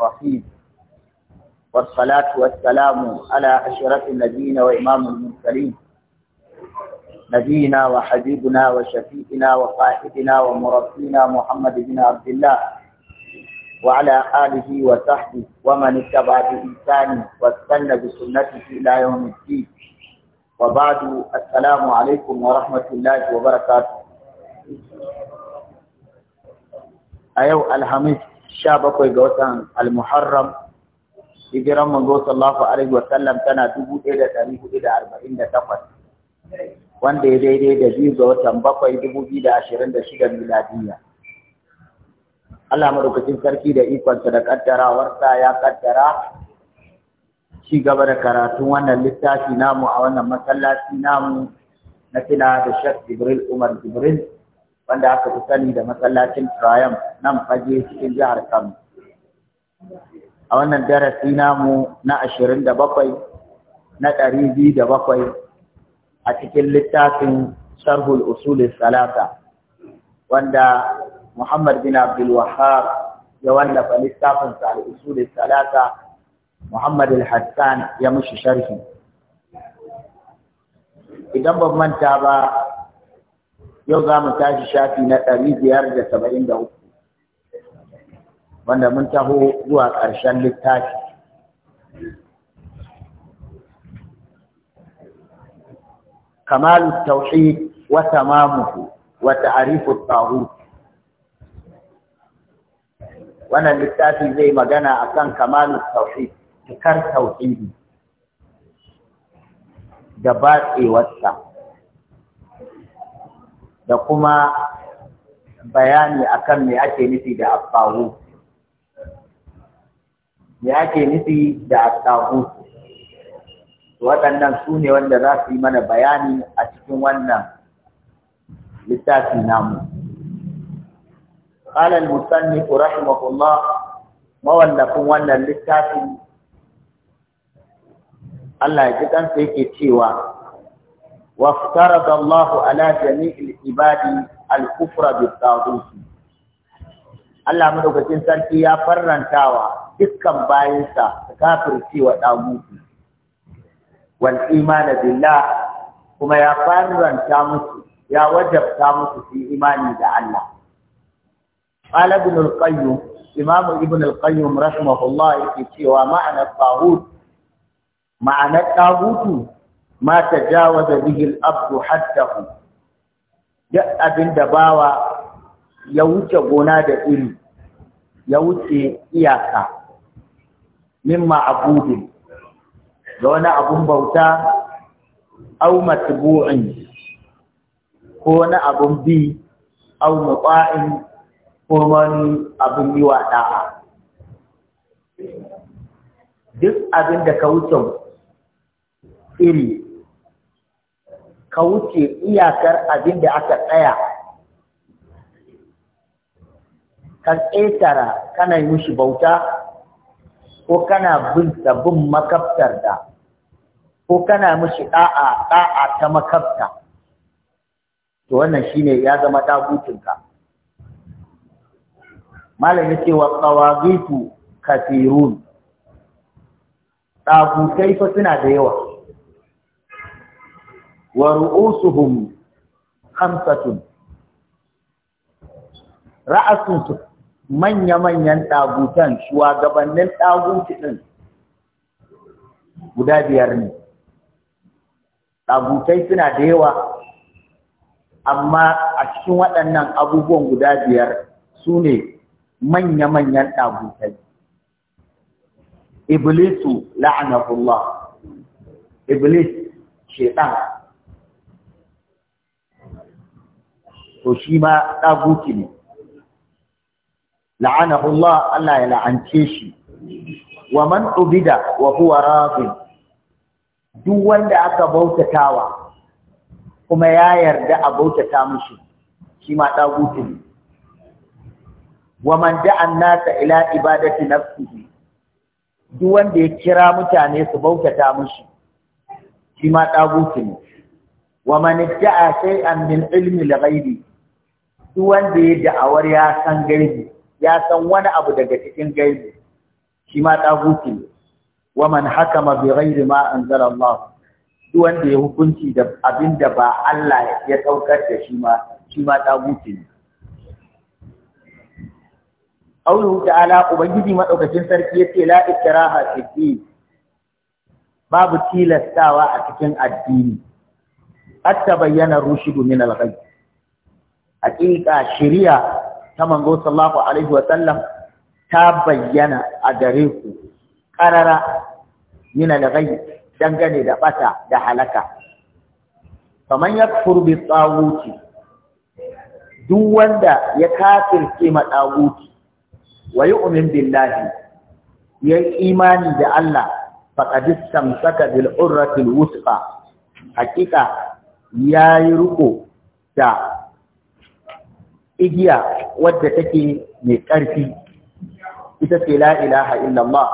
الرحيم والصلاة والسلام على أشرف النبيين وإمام المرسلين نبينا وحبيبنا وشفيئنا وقائدنا ومربينا محمد بن عبد الله وعلى آله وصحبه ومن اتبع بإنسان واستنى بسنته إلى يوم الدين وبعد السلام عليكم ورحمة الله وبركاته أيوة الحميد sha bakwai ga watan al-muharram hijiran manzo sallallahu alaihi wa sallam tana dubu ɗaya da hudu da arba'in da takwas wanda ya daidai da biyu ga watan bakwai dubu biyu da ashirin da shida Allah madaukakin sarki da sa da kaddarawarsa ya kaddara ci gaba da karatun wannan littafi namu a wannan masallaci namu na kina da Sheikh Jibril Umar Jibril wanda aka fi sani da masallacin trayam nan fage cikin jihar Kano. A wannan darasi namu na ashirin da bakwai na ɗari biyu da bakwai a cikin littafin sharhul usulis salata wanda Muhammad bin Abdul Wahab ya wallafa littafin al-usulis salata Muhammad al-Hassan ya mushi sharhi. Idan ban manta ba yau za mu tashi shafi na ɗari biyar da saba'in da uku wanda mun taho zuwa ƙarshen littafi kamar tauhi wata mamuku wa arifu tawhid wannan littafi zai magana a kan kamalu tauhi cikar tauhi da batsewarsa da kuma bayani akan me ake nufi da asahu me ake nufi da asahu waɗannan su ne wanda za su yi mana bayani a cikin wannan littafi namu قال mawallafin wannan littafin Allah ya ji kansa yake cewa وافترض الله على جميع العباد الكفر بالطاغوت Allah madaukakin sarki ya farrantawa dukkan bayansa su kafirci wa ɗagutu wal imana billah kuma ya farranta musu ya wajabta musu su imani da Allah qala ibn al-qayyim imam ibn al-qayyim rahimahullah yake cewa ma'ana tagut ma'ana ma da bihi al-abdu haddahu duk abin bawa ya wuce gona da iri ya wuce iyaka mimma abudin Da wani abun bauta au matbu'in ko wani abun bi au muqa'in ko wani abun yi wa da'a duk abin da ka wuce iri ka wuce iyakar abin da aka tsaya ka tsetara kana yi mushi bauta ko kana bin sabbin makaftar da ko kana mushi ɗa'a ɗa'a ta makabta, to wannan shine ya zama ɗagutinka malam yake wa tsawagitu kafirun ɗagutai fa suna da yawa wa ru'usuhum khamsatun ra'asinsu manya-manyan ɗab'utan shugabannin ɗaguti ɗin guda biyar ne Ɗabutai suna da yawa amma a cikin waɗannan abubuwan guda biyar su ne manya-manyan ɗagutai iblisu la'anahullah iblis shaitan to shi ma ɗaguti ne la'anahu Allah Allah ya la'ance shi wa man ubida wa huwa radin duk wanda aka bautatawa kuma ya yarda a bautata mishi shi ma ɗaguti ne wa man da'a nasa ila ibadati nafsihi duk wanda ya kira mutane su bautata mishi shi ma ɗaguti ne wa man da'a shay'an min ilmi al-ghaibi duk wanda ya da'awar ya san gaibi ya san wani abu daga cikin gaibi shi ma tsaguti ne wa man hakama bi ghairi ma anzala Allah duk wanda ya hukunci da abinda ba Allah ya saukar da shi ma shi ma tsaguti ne Aulu ta'ala Ubangiji maɗaukacin sarki yace ce la ikraha fi din babu tilastawa a cikin addini hatta bayyana rushidu min al-ghayb Hakika shari'a ta manzo sallallahu alaihi wa sallam ta bayyana a gare ku karara yana da gai dangane da bata da halaka Kamar yakfur bi tawuti duk wanda ya kafirce ma tawuti wa yu'min billahi ya imani da Allah faqad istamsaka bil urratil wusqa hakika yayi ruko da igiya wadda take mai ƙarfi ita ce la ilaha illallah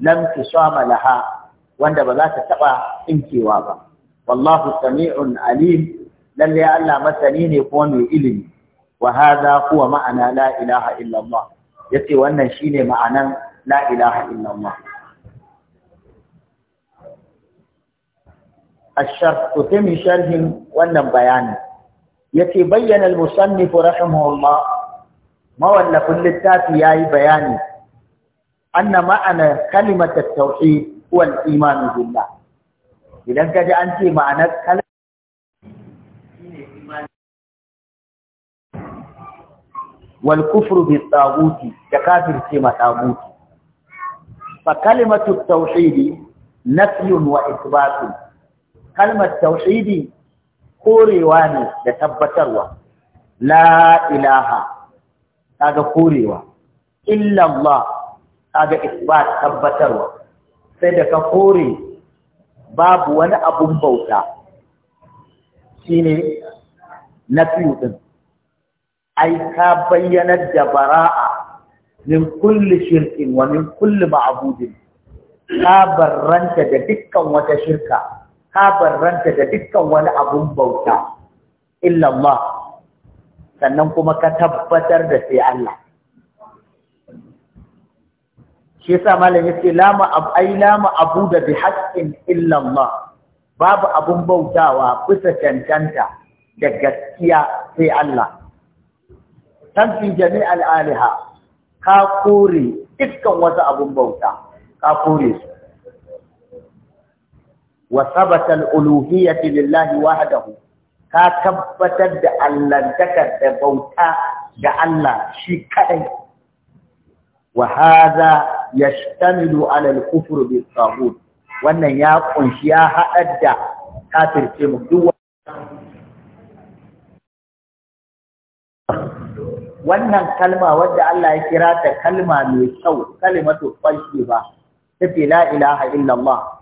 lam tisama laha wanda ba za ta taɓa tsinkewa ba wallahu sami'un alim lalle Allah masani ne kuma mai ilimi wa hadha huwa ma'ana la ilaha illallah yace wannan shine ma'anan la ilaha illallah الشرح تتم شرح wannan bayanin. يتي بيّن المصنف رحمه الله ما ولا كل التاتي أي بياني أن معنى كلمة التوحيد هو الإيمان بالله إذا كده أنت معنى كلمة والكفر بالطاغوت تكافر كما طاغوت فكلمة التوحيد نفي وإثبات كلمة التوحيد korewa ne da tabbatarwa la ilaha kaga korewa illa Allah kaga isbat tabbatarwa sai da ka kore babu wani abun bauta shine nafiyu din ai ka bayyanar da bara'a min kulli shirkin wa min kulli ma'budin ka barranta da dukkan wata shirka ta ranta da dukkan wani abun bauta illallah sannan kuma ka tabbatar da sai Allah shi yasa malami yake la ma ab ai la ma da bi haqqin illa Allah babu abun bautawa bisa cancanta da gaskiya sai Allah fi jami'al aliha ka kore dukkan wasu abun bauta ka kore su wa sabata al-uluhiyyati lillahi wahdahu ka tabbatar da allantakar da bauta ga Allah shi kadai wa hadha yashtamilu ala al-kufr bi wannan ya kunshi ya haɗar da kafirce mu duk wannan kalma wanda Allah ya kira ta kalma mai kyau kalimatu tayyiba ta la ilaha illallah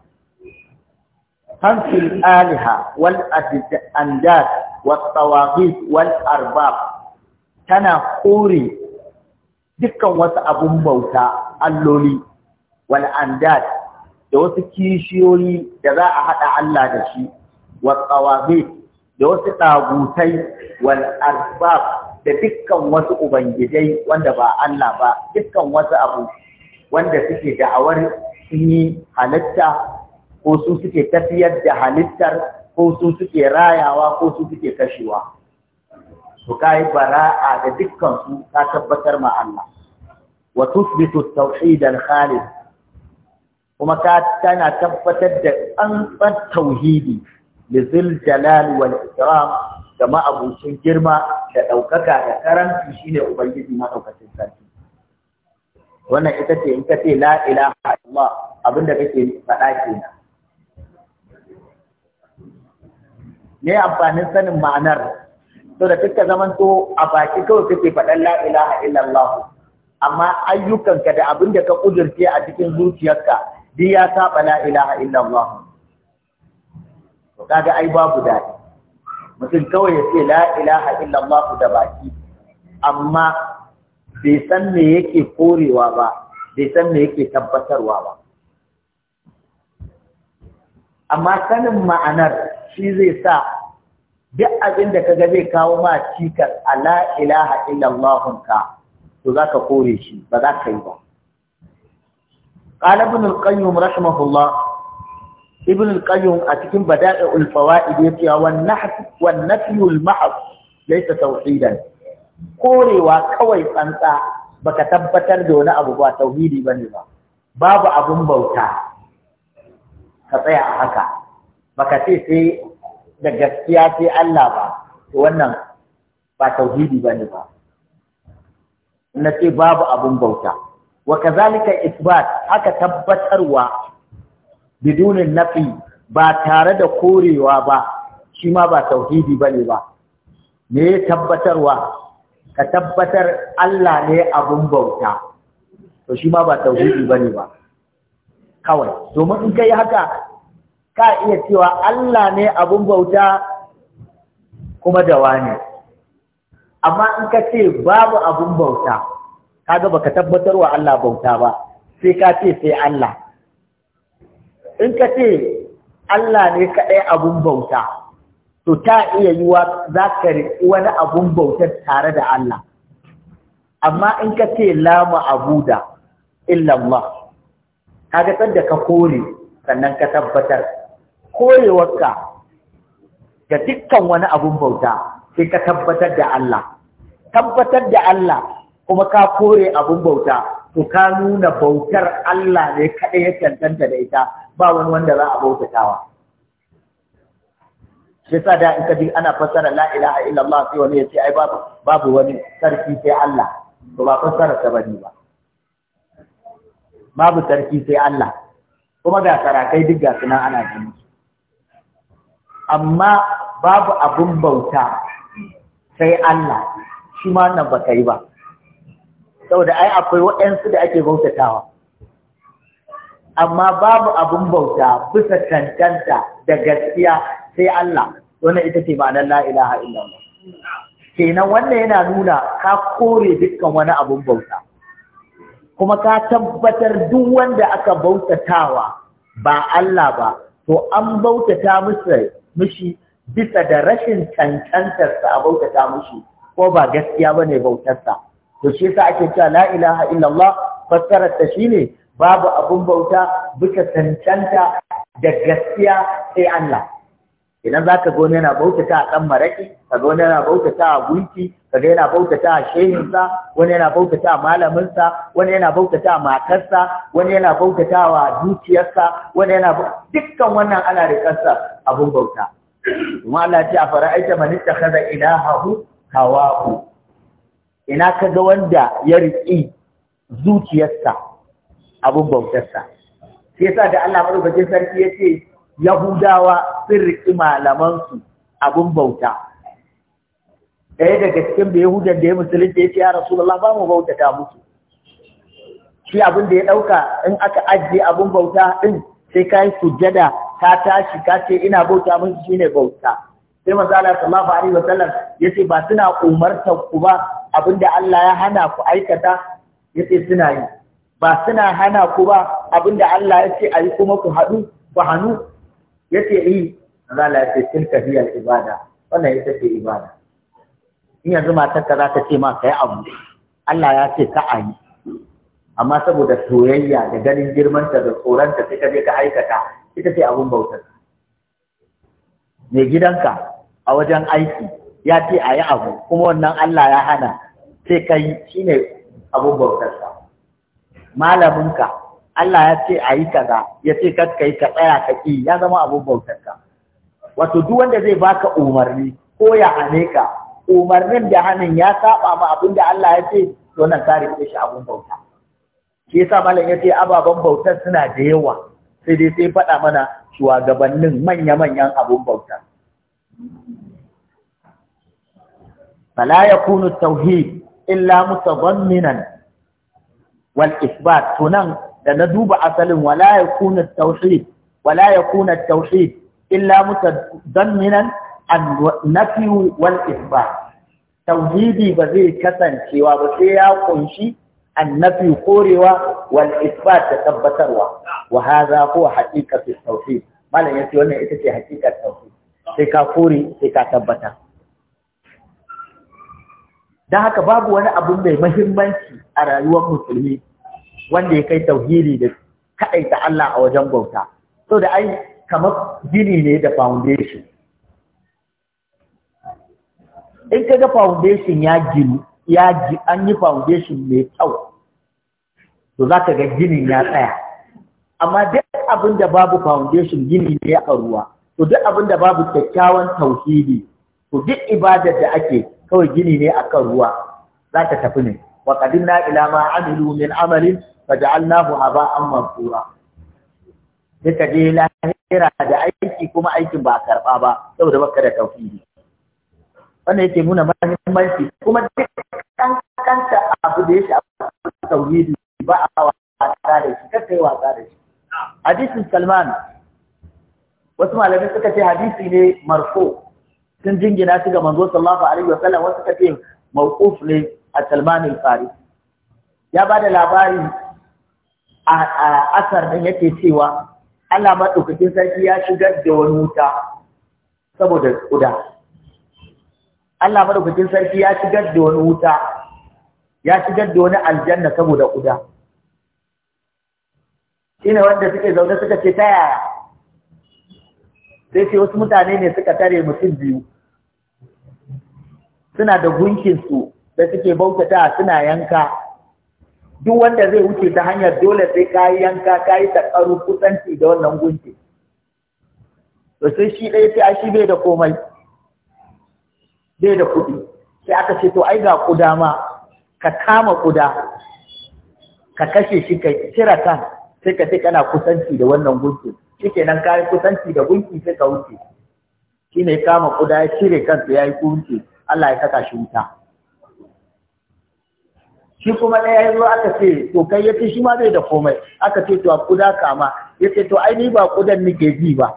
خمس الآلهة والأنداد والطواغيت والأرباب تنا قوري دكا وسأبون بوتا اللولي والأنداد da wasu kishiyoyi da za a haɗa Allah da shi, wasu da wasu ɗagutai, wal arbab da dukkan wasu ubangijai wanda ba Allah ba, dukkan wasu abu wanda suke da'awar sun yi halitta ko su suke tafiyar da halittar ko su suke rayawa ko su suke kashewa to kai bara'a da dukkan su ka tabbatar ma Allah wa tuthbitu at-tauhid al-khalis kuma ka tana tabbatar da tsantsan tauhidi li zil jalal wal ikram da ma'abucin girma da ɗaukaka da karanci shine ubangiji maɗaukacin sarki wannan ita ce in ka ce la ilaha illallah abinda kake faɗa kenan Ne amfanin sanin ma'anar to da kika zaman to a baki kawai kake faɗan la ilaha illallah amma ayyukanka da abin da ka kudurce a cikin zuciyarka duk ya saba la ilaha illallah to kaga ai babu daɗi mutum kawai ya ce la ilaha illallah da baki amma bai san me yake korewa ba bai san me yake tabbatarwa ba amma sanin ma'anar shi zai sa duk abin da kaga zai kawo ma cikar ala ilaha illallahun ka to za ka kore shi ba za ka yi ba ƙalabin alƙayyum rahimahullah ibn alƙayyum a cikin bada'i ulfawa ibe tuya wannan nafiyul ma'af zai ta tauhidan korewa kawai tsantsa baka tabbatar da wani abu ba tauhidi bane ba babu abin bauta ka tsaya a haka baka ce sai da gaskiya sai Allah ba to wannan ba tauhidi bane ba na ce babu abun bauta wa kazalika isbat haka tabbatarwa bidunin nafi ba tare da korewa ba shi ma ba tauhidi bane ba me tabbatarwa ka tabbatar Allah ne abun bauta to shi ma ba tauhidi bane ba kawai domin in kai haka ka iya cewa Allah ne abun bauta kuma dawa ne amma in ka ce babu abun bauta kaga baka tabbatar wa Allah bauta ba sai ka ce sai Allah in ka ce Allah ne kaɗai abun bauta to ta iya yiwa za ka riƙi wani abun bautar tare da Allah amma in ka ce la ma'abuda illallah kaga tsar da ka kore sannan ka tabbatar korewarka ga dukkan wani abun bauta sai ka tabbatar da Allah tabbatar da Allah kuma ka kore abun bauta to ka nuna bautar Allah ne kaɗai ya cancanta da ita ba wani wanda za a bautatawa shi sa da in ka ji ana fassara la ilaha illallah sai wani ya ce ai babu babu wani sarki sai Allah to ba fassara ta bane ba babu sarki sai Allah kuma ga sarakai duk ga suna ana gani amma babu abin bauta sai Allah shi ma nan ba kai ba saboda ai akwai waɗansu da ake bautatawa amma babu abun bauta bisa tantanta da gaskiya sai Allah wannan ita ce ma'anar la ilaha illallah kenan wannan yana nuna ka kore dukkan wani abun bauta kuma ka tabbatar duk wanda aka bautatawa ba Allah ba to an bautata musu mishi bisa da rashin cancantarsa a bautata mishi ko ba gaskiya ba ne bautarsa to shi yasa ake cewa la ilaha illallah fassarar ta shine babu abun bauta bisa cancanta da gaskiya sai Allah idan za ka gona yana bautata a ɗan maraƙi ka ga wani yana bautata a gunki ka ga yana bautata a shehinsa wani yana bautata a malaminsa wani yana bautata a matarsa wani yana bautata wa dukiyarsa wani yana dukkan wannan ana ƙasa abun bauta kuma Allah ce a fara man ittakhadha ilahahu hawahu ina ka ga wanda ya riƙi zuciyarsa abun bautarsa sai yasa da Allah madaukakin sarki ya ce Yahudawa sun riƙi malamansu abin bauta. Ɗaya daga cikin da Yahudan da ya musulunta ya ce ya Rasulullah ba mu bautata musu. Shi abin da ya ɗauka in aka ajiye abin bauta ɗin sai ka yi sujjada ka tashi ka ce ina bauta musu shine bauta. Sai maza Allah sallallahu alaihi wasallam ya ce ba suna umartar ku ba abin da Allah ya hana ku aikata ya ce suna yi. Ba suna hana ku ba abin da Allah ya ce a yi kuma ku haɗu ku hannu Ya ce yi za la ce tilka tafiyar ibada wannan ita ce ibada in yanzu matarka za ta ce ma kai abu Allah ya ce ka a yi amma saboda soyayya da ganin girmanta da tsoronta sai ka je ka aikata ita ce abun bautar mai gidanka a wajen aiki ya ce a yi abu kuma wannan Allah ya hana sai ka yi shine abun bautarsa malaminka Allah ya ce a yi kaza ya ce ka yi ka tsaya ka ƙi ya zama abin bautarka wato duk wanda zai baka umarni ko ya hane ka umarnin da hannun ya saba ma abin da Allah ya ce to nan ka rike shi abin bauta shi yasa malam ya ce ababen bautar suna da yawa sai dai sai faɗa mana shugabannin manya-manyan abin bautar fala kunu tauhid illa mutadamminan wal isbat tunan da na duba asalin wala yakuna at-tauhid wala ya kuna tauhid illa mutadamminan an-nafi wal isbat tauhidi ba zai kasancewa ba sai ya kunshi nafi korewa wal isbat da tabbatarwa wa hadha huwa haqiqatu tauhid malam yace wannan ita ce haqiqatu tauhid sai ka kore sai ka tabbata dan haka babu wani abu mai muhimmanci a rayuwar musulmi wanda ya kai tauhidi da kaɗaita Allah a wajen bauta so da ai kamar gini ne da foundation in ka ga foundation ya gini ya ji an yi foundation mai kyau to za ka ga ginin ya tsaya amma duk abin da babu foundation gini ne ya ruwa to duk abin da babu kyakkyawan tauhidi to duk ibadar da ake kawai gini ne akan ruwa za ta tafi ne wa qadimna ila ma amilu min amalin faja'alnahu haba'an mansura duka je lahira da aiki kuma aikin ba karba ba saboda baka da tauhidi wannan yake nuna mahimmanci kuma duk kanta abu da ya a tauhidi ba a wasa da shi kai wasa da shi hadisin salman wasu malamai suka ce hadisi ne marfo sun jingina su ga manzo sallallahu alaihi wa sallam wasu suka ce mawquf ne a salman al-farisi ya ba da labari a asar nan yake cewa Allah maɗaukakin sarki ya shigar da wani wuta saboda ƙuda. Allah maɗaukakin sarki ya shigar da wani wuta, ya shigar da wani aljanna saboda ƙuda. Shi ne wanda suke zaune suka ce ta yaya, sai ce wasu mutane ne suka tare mutum biyu, suna da gunkinsu da suke bautata suna yanka. duk wanda zai wuce ta hanyar dole sai ka yi yanka ka yi takaru kusanci da wannan gunki to sai shi ɗaya sai shi bai da komai bai da kuɗi sai aka ce to ai ga kuda ma ka kama kuda ka kashe shi ka cire kan sai ka ce kana kusanci da wannan gunki shikenan ka yi kusanci da gunki sai ka wuce Shi ne kama kuda ya cire kansa ya yi kunce Allah ya saka shi wuta shi kuma ɗaya ya zo aka ce to kai ya ce shi ma bai da komai aka ce to a kuda kama ya ce to ai ni ba kudan nake ji ba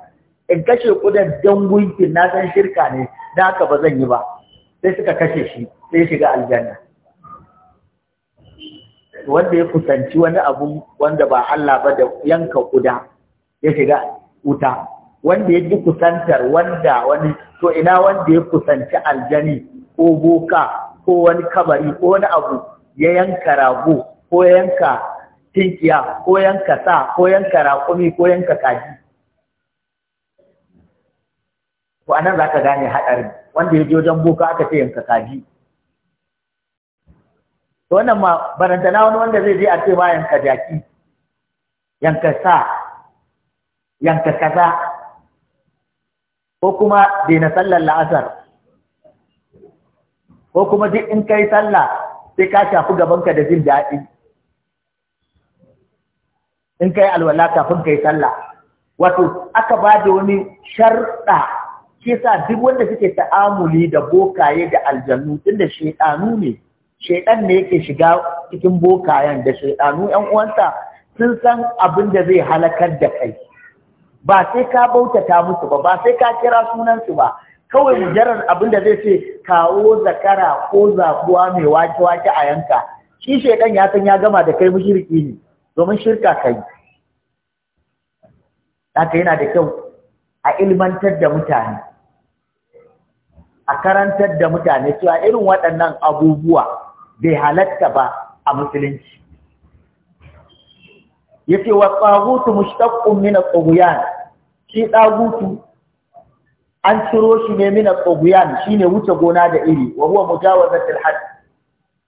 in kashe kudan don gunkin na san shirka ne da haka ba zan yi ba sai suka kashe shi sai shiga aljanna wanda ya kusanci wani abu wanda ba Allah ba da yanka kuda ya shiga wuta wanda ya ji kusantar wanda wani to ina wanda ya kusanci aljani ko boka ko wani kabari ko wani abu ya yanka rago ko ya yanka tinkiya ko yanka sa ko yanka raƙumi ko yanka kaji Ko anan za ka gane haɗari wanda ya je wajen boko aka ce yanka kaji to wannan ma barantana wani wanda zai je a ce ma yanka jaki yanka sa yanka kaza ko kuma daina sallar la'asar ko kuma duk in kai sallah sai ka shafi gabanka da jin daɗi in kai alwala kafin kai sallah wato aka ba da wani sharɗa shi sa duk wanda suke ta'amuli da bokaye da aljannu tunda shaidanu ne shaidan ne yake shiga cikin bokayen da shaiɗanu yan uwansa sun san abin da zai halakar da kai ba sai ka bautata musu ba ba sai ka kira sunansu ba kawai mujarar abin da zai ce kawo zakara ko zabuwa mai wake wake a yanka shi shaidan ya san ya gama da kai mushriki ne domin shirka kai haka yana da kyau a ilmantar da mutane a karantar da mutane cewa irin waɗannan abubuwa bai halatta ba a musulunci yace wa tsagutu mushtaqqun min at-tughyan shi tsagutu an ciro shi ne min al shi ne wuce gona da iri wa huwa mujawazat al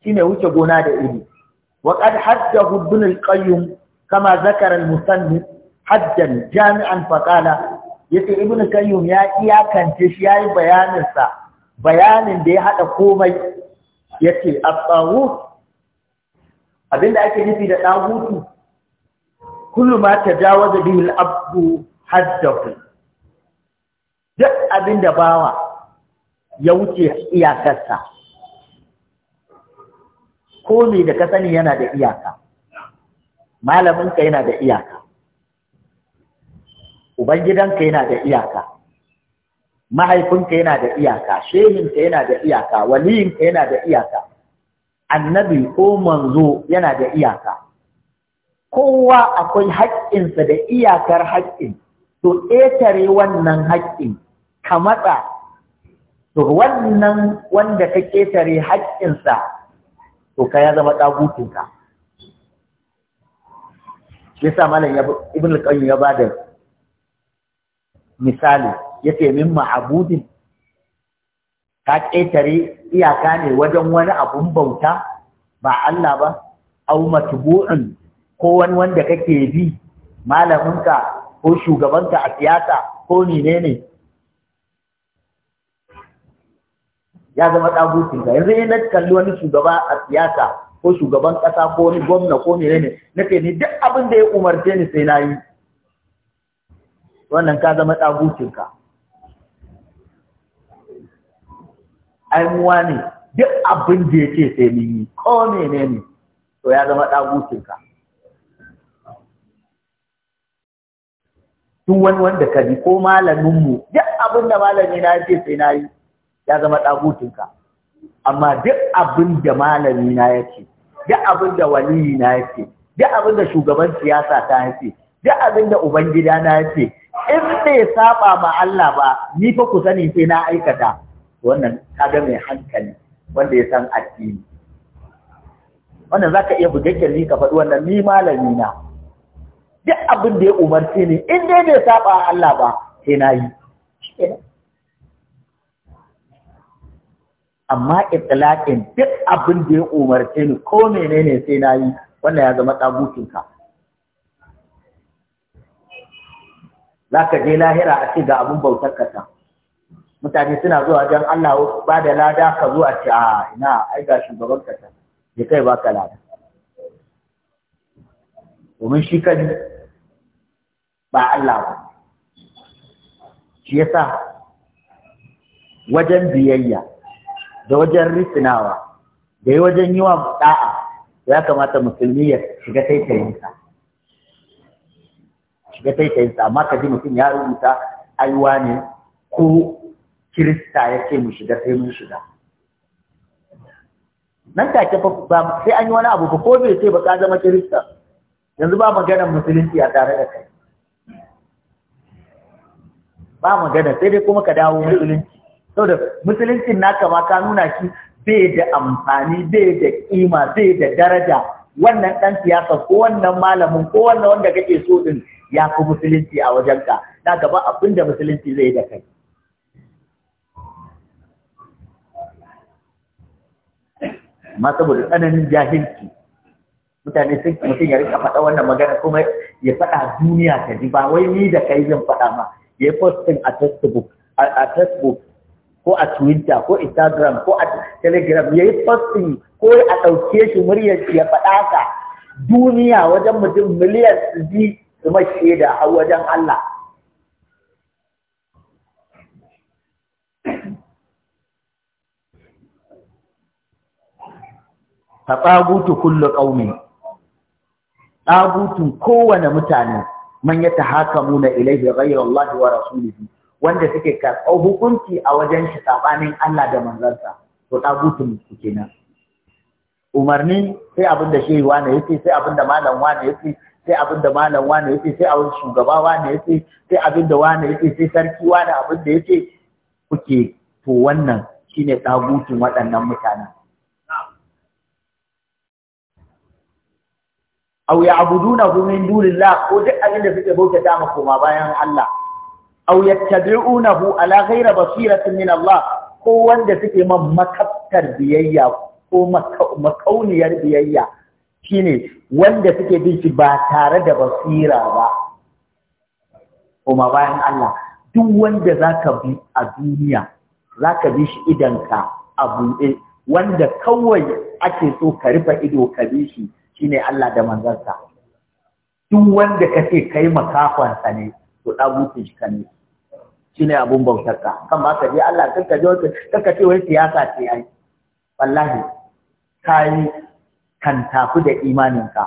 shi ne wuce gona da iri wa qad haddahu ibn al kama zakara al haddan jami'an fa qala yace ibn qayyim ya iyakance shi yayi bayanin sa bayanin da ya hada komai yace at-taghut abinda ake nufi da tagutu kullu ma tajawaza bihi al-abdu haddahu duk abin da bawa ya wuce iyakarsa ko da ka sani yana da iyaka malaminka yana da iyaka ubangidanka yana da iyaka mahaifinka yana da iyaka shehinka yana da iyaka waliyinka yana da iyaka annabi ko manzo yana da iyaka kowa akwai haƙƙinsa da iyakar haƙƙin to ƙetare wannan haƙƙin ka matsa to wannan wanda ka ƙetare haƙƙinsa to ka ya zama ɗagutinka sa malam ibn al-qayyim ya bada misali ya ce min ma'abudin? ka ƙetare iyaka ne wajen wani abun bauta ba Allah ba au matbu'un ko wani wanda kake bi malaminka ko shugabanka a siyasa ko ne? ya zama tsagutin ka yanzu na kalli wani shugaba a siyasa ko shugaban ƙasa ko wani gwamna ko na ke ni duk abin da ya umarce ni sai na yi wannan ka zama tsagutin ka ai ne duk abin da ya ce sai ni yi ko ne to ya zama tsagutin ka duk wani wanda ka ji ko malaminmu duk abin da malami na ce sai na yi ya zama ɗagutinka amma duk abin da malami na ya ce duk abin da waliyi na ya ce duk abin da shugaban siyasa ta ya ce duk abin da ubangida na ya ce in bai saba ma Allah ba ni fa ku sani sai na aikata wannan kaga mai hankali wanda ya san addini wannan za ka iya buge kyalli ka faɗi wannan ni malami na duk abin da ya umarce ni in dai bai saba Allah ba sai na yi amma itlaqin duk abin da ya umarce ni ko menene sai na yi wannan ya zama tsagukinka? za ka je lahira a ce ga abin bautar kasa. mutane suna zuwa don Allah ba da lada ka zo a ce a ina ai ga shugaban kasa, ya kai ba ka lada domin shi kan ba Allah ba shi yasa wajen biyayya da wajen risinawa da yi wajen yi wa da'a ya kamata musulmi ya shiga taitayinsa shiga taitayinsa amma ka ji mutum ya rubuta aiwa ne ko kirista ya ce mu shiga sai mun shiga nan take ba sai an yi wani abu ba ko bai ce ba ka zama kirista yanzu ba magana musulunci a tare da kai ba magana sai dai kuma ka dawo musulunci saboda musuluncin naka ma ka nuna shi bai da amfani bai da kima bai da daraja wannan dan siyasa ko wannan malamin ko wannan wanda kake so din ya fi musulunci a wajenka na gaba abin da musulunci zai da kai amma saboda tsananin jahilci mutane sun mutum ya rika faɗa wannan magana kuma ya faɗa duniya ta ji ba wai ni da kai zan faɗa ma ya yi postin a textbook a textbook ko a twitter ko instagram ko a telegram ya yi posting ko a ɗauke shi muryar ya faɗa ka duniya wajen mutum miliyan su ji su shaida a wajen Allah Ka tsagutu kullu ƙaumi tsagutun kowane mutane man ya ta haka muna ilaihi ghayra Allah wa rasulihi wanda suke karɓar hukunci a wajen shi saɓanin Allah da manzansa to ɗagutun su kenan umarni sai abin da shehi wane yace sai abin da malam wane yace sai abin da malam wane yace sai abin shugaba wane yace sai abin da wane yace sai sarki wane abin da yace kuke to wannan shine ɗagutun waɗannan mutanen duna, ya'budunahu min dunillah ko duk abin da suke bauta dama, koma bayan Allah aw yattabi'unahu ala ghairi basiratin min Allah ko wanda suke man makaftar biyayya ko makauniyar biyayya shine wanda suke bin ba tare da basira ba kuma bayan Allah duk wanda ka bi a duniya zaka bi shi idanka a buɗe wanda kawai ake so ka rufe ido ka bi shi shine Allah da manzansa duk wanda ka ce kai makafansa ne to ɗagutin shi ka ne shine abun bautar ka kan ba ka je Allah kan ka je kan ka ce wai siyasa ce ai wallahi kai kan tafi da imanin ka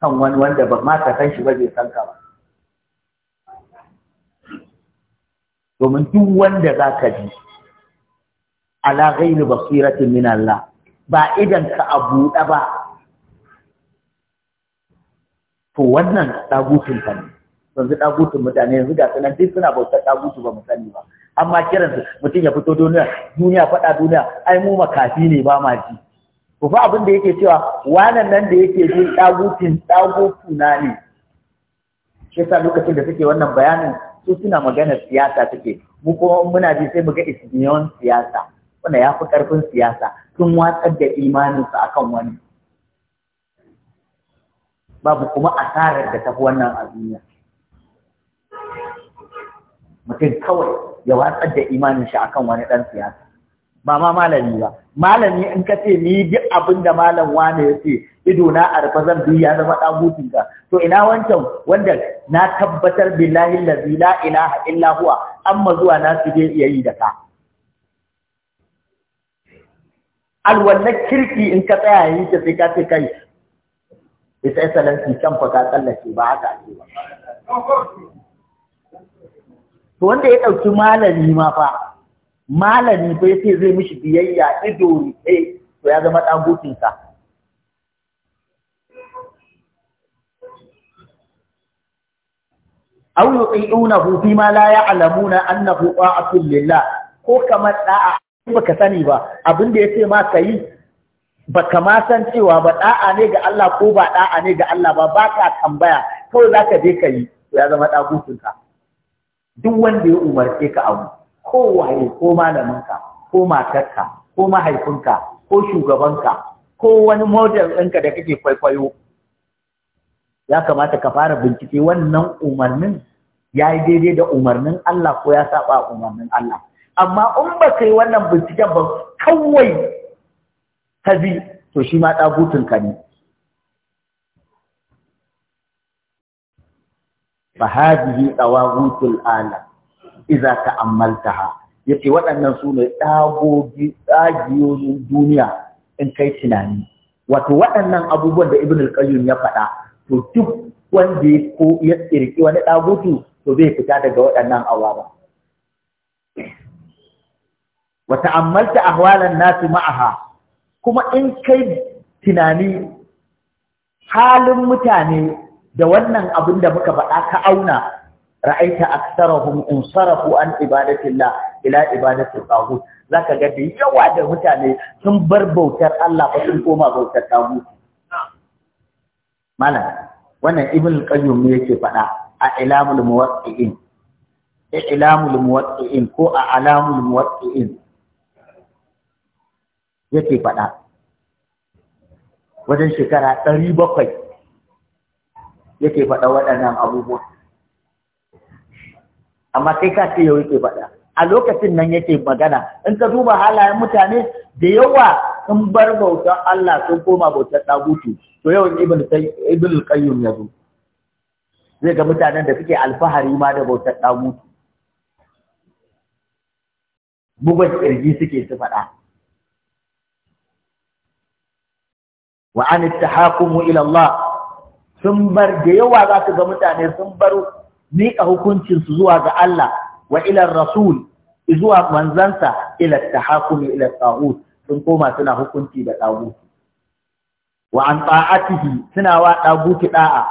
kan wani wanda ba ma ka san shi ba zai san ka ba domin duk wanda za ka ji ala ghairu basiratin min Allah ba idan ka a buɗe ba to wannan dagutun ka ne yanzu ɗagutun mutane yanzu ga sanan duk suna bautar ɗagutu ba mu sani ba amma kiransu mutum ya fito duniya duniya faɗa duniya ai mu makafi ne ba ma ji ku fa abin da yake cewa wanan nan da yake bin ɗagutun ɗagutu na ne shi yasa lokacin da suke wannan bayanin su suna maganar siyasa suke mu kuma muna ji sai mu ga ismiyon siyasa wanda ya fi ƙarfin siyasa sun watsar da imaninsu akan wani babu kuma asarar da tafi wannan a duniya mutum kawai ya watsar da imanin shi akan wani dan siyasa ba ma malami ba malami in ka ce ni duk abin da malam wani ya ce ido na arfa zan bi ya zama dagutun ka to ina wancan wanda na tabbatar billahi lazi la ilaha illa huwa amma zuwa na su je yayi da ka alwallar kirki in ka tsaya yi ta sai ka ce kai isa lansi can fa ka tsallake ba haka ake ba to wanda ya ɗauki malami ma fa malami fa yace zai mishi biyayya ido rufe to ya zama ɗagutin sa aw yuti'unahu fi ma la ya'lamuna annahu ta'atun lillah ko kamar da'a baka sani ba abin da yace ma kai baka ma san cewa ba da'a ne ga Allah ko ba da'a ne ga Allah ba baka tambaya kawai zaka je kai to ya zama ɗagutin ka duk wanda ya umarce ka abu ko waye ko malaminka ko matarka ko mahaifinka ko shugabanka ko wani model ɗinka da kake kwaikwayo ya kamata ka fara bincike wannan umarnin ya yi daidai da umarnin Allah ko ya saba umarnin Allah amma in ba ka yi wannan binciken ba kawai ka bi to shi ma ka ne فهذه طواغوت العالم إذا تأملتها yace waɗannan su ne ɗagogi ɗagiyoyin duniya in kai tunani wato waɗannan abubuwan da ibn al-qayyim ya faɗa to duk wanda ya ko ya tsirki wani ɗagutu to bai fita daga waɗannan awa ba wa ta'ammalta ahwalan nasi ma'aha kuma in kai tunani halin mutane da wannan abin da muka faɗa ka auna ra'aita aktsarahum in sarafu an ibadatillah ila ibadatil tagut zaka ga da yawa da mutane sun bar bautar Allah ba sun koma bautar tagut malam wannan ibn al-qayyim ne yake faɗa a ilamul muwaqqi'in ilamul muwaqqi'in ko a alamul muwaqqi'in yake faɗa wajen shekara ɗari bakwai yake faɗa waɗannan abubuwa amma kai ka ce yau yake faɗa a lokacin nan yake magana in ka duba halayen mutane da yawa sun bar bautar Allah sun koma bautar ɗagutu to yawan ibn ibn qayyim ya zai ga mutanen da suke alfahari ma da bautar ɗagutu bugun ƙirji suke su faɗa wa an tahakumu ila Allah sun bar da yawa za ka ga mutane sun bar miƙa hukuncinsu zuwa ga Allah wa ilar rasul zuwa manzansa ilar tahakumi ilar tsahut sun koma suna hukunci da tsahuti wa an tsa'atihi suna wa tsahuti da'a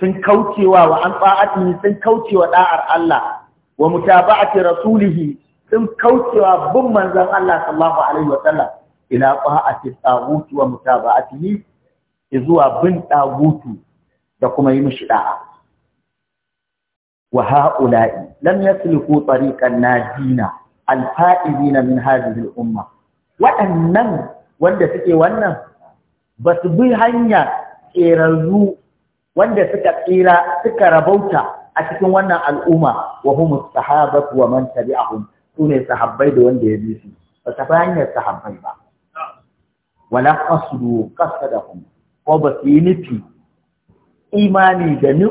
sun kaucewa wa an tsa'atihi sun kaucewa da'ar Allah wa mutaba'ati rasulihi sun kaucewa bin manzon Allah sallallahu alaihi wa sallam ila ta'ati tsahuti wa mutaba'atihi zuwa bin ɗagutu da kuma yi mishi da'a wa ha'ula'i lam na dina najina alfa'idina min hadhihi umma waɗannan wanda suke wannan ba su bi hanya ƙerarru wanda suka tsira suka rabauta a cikin wannan al'umma wa hum sahabatu wa man tabi'ahum sune sahabbai da wanda ya bi su ba ta hanyar sahabbai ba wala da qasadahum ko ba su yi nufi imani da ni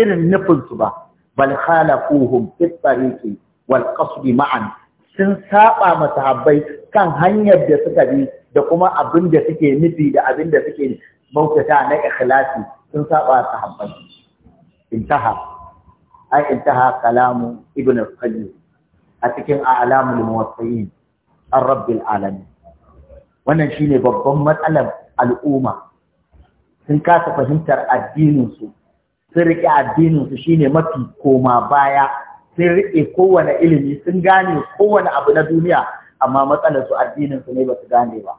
irin nufinsu ba bal khalafuhum fi tariqi wal qasdi ma'an sun saba masahabbai kan hanyar da suka bi da kuma abin da suke nufi da abin da suke bautata na ikhlasi sun saba sahabbai intaha ai intaha kalamu ibn al-qayyim a cikin a'lamul muwaffiqin ar-rabbil alamin wannan shine babban matsalar al'umma sun kasa fahimtar addininsu sun riƙe addininsu shine mafi koma baya sun riƙe kowane ilimi sun gane kowane abu na duniya amma matsalar su addininsu ne ba su gane ba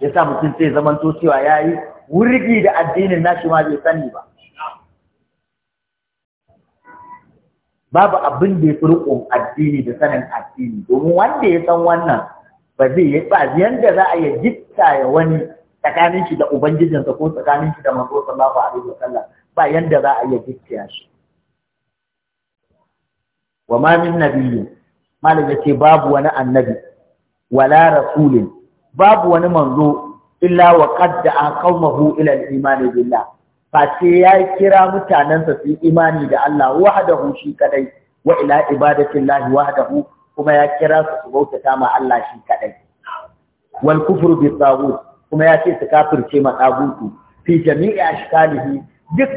yasa mutum sai zamanto cewa yayi wurgi da addinin nashi ma bai sani ba babu abin da ya fi riƙon addini da sanin addini domin wanda ya san wannan ba zai yi ba yanda za a yi gitta ya wani tsakanin shi da ubangijinsa ko tsakanin shi da manzo sallallahu alaihi wasallam ba yadda za a yi gitta shi wa ma min nabiyyin malam ce babu wani annabi wala rasulin babu wani manzo illa wa qadda an qaumahu ila al-iman billah fa sai ya kira mutanansa su imani da Allah wahdahu shi kadai wa ila ibadatillahi wahdahu kuma ya kira su su bautata ma Allah shi kaɗai. wal Kufur bi tagut kuma ya ce su kafirce ma tagutu fi jami'i ashkalihi duk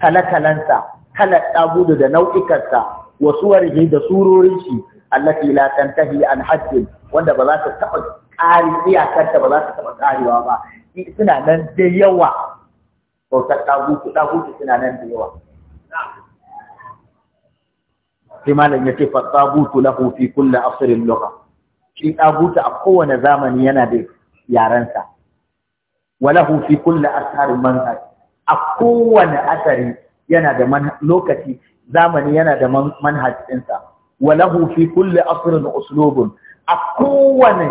kalakalansa kalar tagutu da nau'ikansa wa suwarihi da surorin shi allati la tantahi an haddin wanda ba za ta taɓa ƙari iyakarta ba za ta taɓa ƙarewa ba suna nan da yawa bautar tagutu tagutu suna nan da yawa sai malam ya ce fa tagutu lahu fi kulli asrin lugha shi tagutu a kowane zamani yana da yarensa wa lahu fi kulli asharin manhaj a kowane asari yana da lokaci zamani yana da manhaj ɗinsa wa lahu fi kulli asrin uslubun a kowane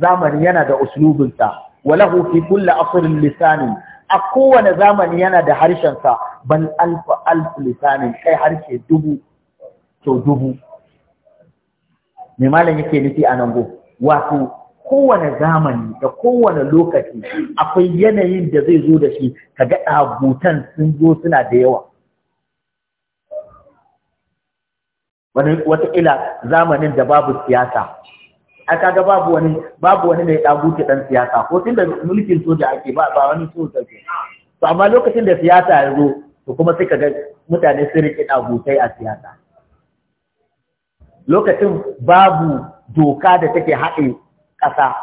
zamani yana da uslubinsa wa lahu fi kulli asrin lisanin a kowane zamani yana da harshensa bal alfu alfu lisanin kai harshe dubu to dubu mai malam yake nufi a nan go wato kowane zamani da kowane lokaci akwai yanayin da zai zo da shi ka ga ɗabutan sun zo suna da yawa wataƙila zamanin da babu siyasa a kaga babu wani babu wani mai ɗabuta ɗan siyasa ko tun da mulkin soja ake ba ba wani so ke to amma lokacin da siyasa ya zo to kuma sai kaga mutane sun riƙe sai a siyasa lokacin babu doka da take haɗe ƙasa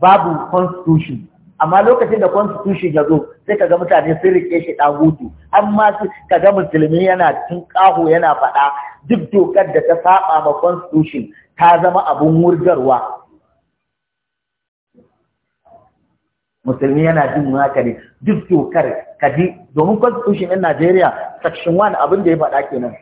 babu constitution amma lokacin da constitution ya zo sai ka ga mutane sun rike shi ɗan hutu amma ga musulmi yana cin ƙaho yana faɗa duk dokar da ta saba ma constitution ta zama abin wurgarwa musulmi yana jin haka ne duk dokar ji domin constitution ɗin Najeriya section 1 abin da ya faɗa kenan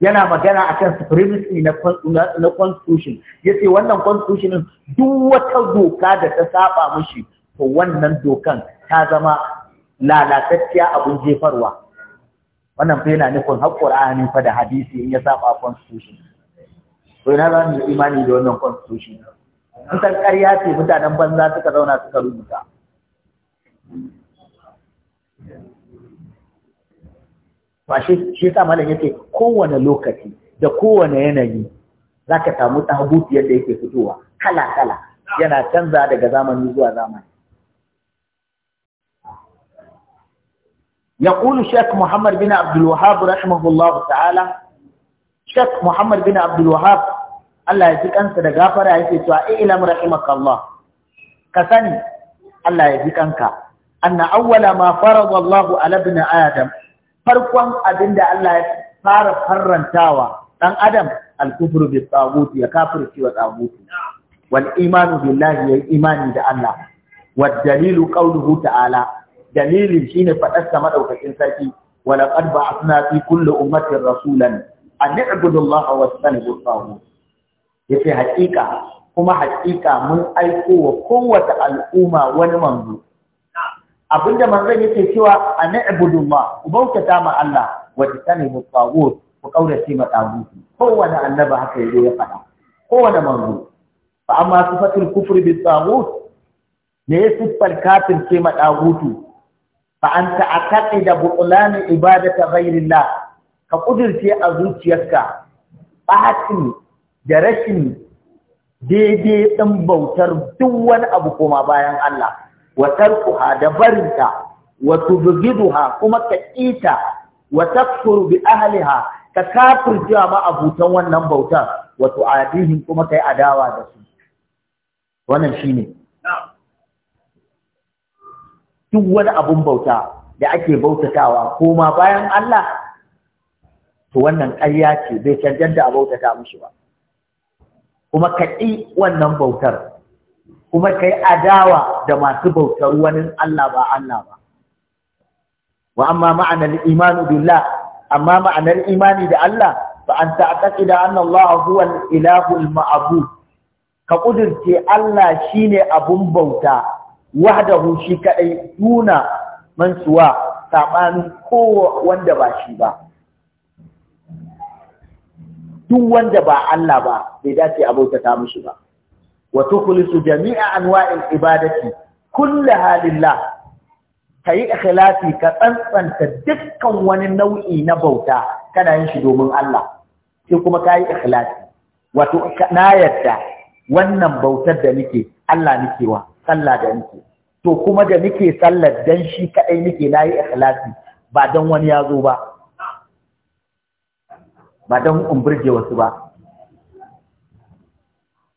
yana magana a kan supremacy na constitution Ya ce wannan constitution duk wata doka da ta saba mushi to wannan dokan ta zama lalatacciya abun jefarwa wannan fa yana nufin har Qur'ani fa da hadisi in ya saba constitution to ina za mu imani da wannan constitution in san ƙarya ce mutanen banza suka zauna suka rubuta ba shi shi sa malam yace kowane lokaci da kowane yanayi zaka samu tagut yadda yake fitowa kala kala yana canza daga zamani zuwa zamani يقول الشيخ محمد بن عبد الوهاب رحمه الله تعالى الشيخ محمد بن عبد الوهاب Allah ya ji kansa da gafara yake cewa ilam rahimakallah ka sani Allah ya ji kanka anna awwala ma farada Allah ala ibn adam farkon abin da Allah ya fara farrantawa ɗan adam alkufru bi tsagutu ya kafirci wa tsagutu wal imanu billahi ya imani da Allah wa dalilu qawluhu ta'ala dalilin shine faɗar sa madaukakin sarki wa laqad ba'athna fi kulli ummatin rasulan an na'budu Allah wa nastanibu tsagutu yace haƙiƙa kuma haƙiƙa mun aiko wa kowace al'umma wani manzo abinda manzon yake cewa an ibudullah ku bautata ma Allah wa tasanimu tawut ku kaurace ma tawut kowanne annabi haka yazo ya faɗa kowanne manzo fa amma sifatul kufri bi tawut ne ya siffar kafir ce ma tawutu fa anta aqida buqlan ibadata ghairillah ka kudirce a zuciyarka batin da rashin daidai ɗin bautar duk wani abu koma bayan Allah wa tarkuha da barinta wa tubghiduha kuma ka ita wa takfuru bi ahliha ka kafircewa ma abutan wannan bautan wa tu'adihim kuma kai adawa da su wannan shine duk wani abun bauta da ake bautatawa ko ma bayan Allah to wannan ƙarya ce bai cancanta a bautata mushi ba kuma ka wannan bautar kuma ka yi adawa da masu bautar wani Allah ba Allah ba wa amma ma'anar imanu billah amma ma'anar imani da Allah fa an aqida anna Allah huwa al-ilahu al-ma'bud ka kudirce Allah shine abun bauta wahdahu shi kadai duna mansuwa sabanin ko wanda ba shi ba duk wanda ba Allah ba bai dace a bautata mishi ba wa tukhlisu jami'a anwa'il ibadati kullaha lillah kai ikhlasi ka tsantsanta dukkan wani nau'i na bauta kana yin shi domin Allah sai kuma kai ikhlasi wato na yadda wannan bautar da nake Allah nake wa sallah da nake to kuma da nake sallar dan shi kadai nake nayi ikhlasi ba dan wani ya zo ba ba dan in wasu ba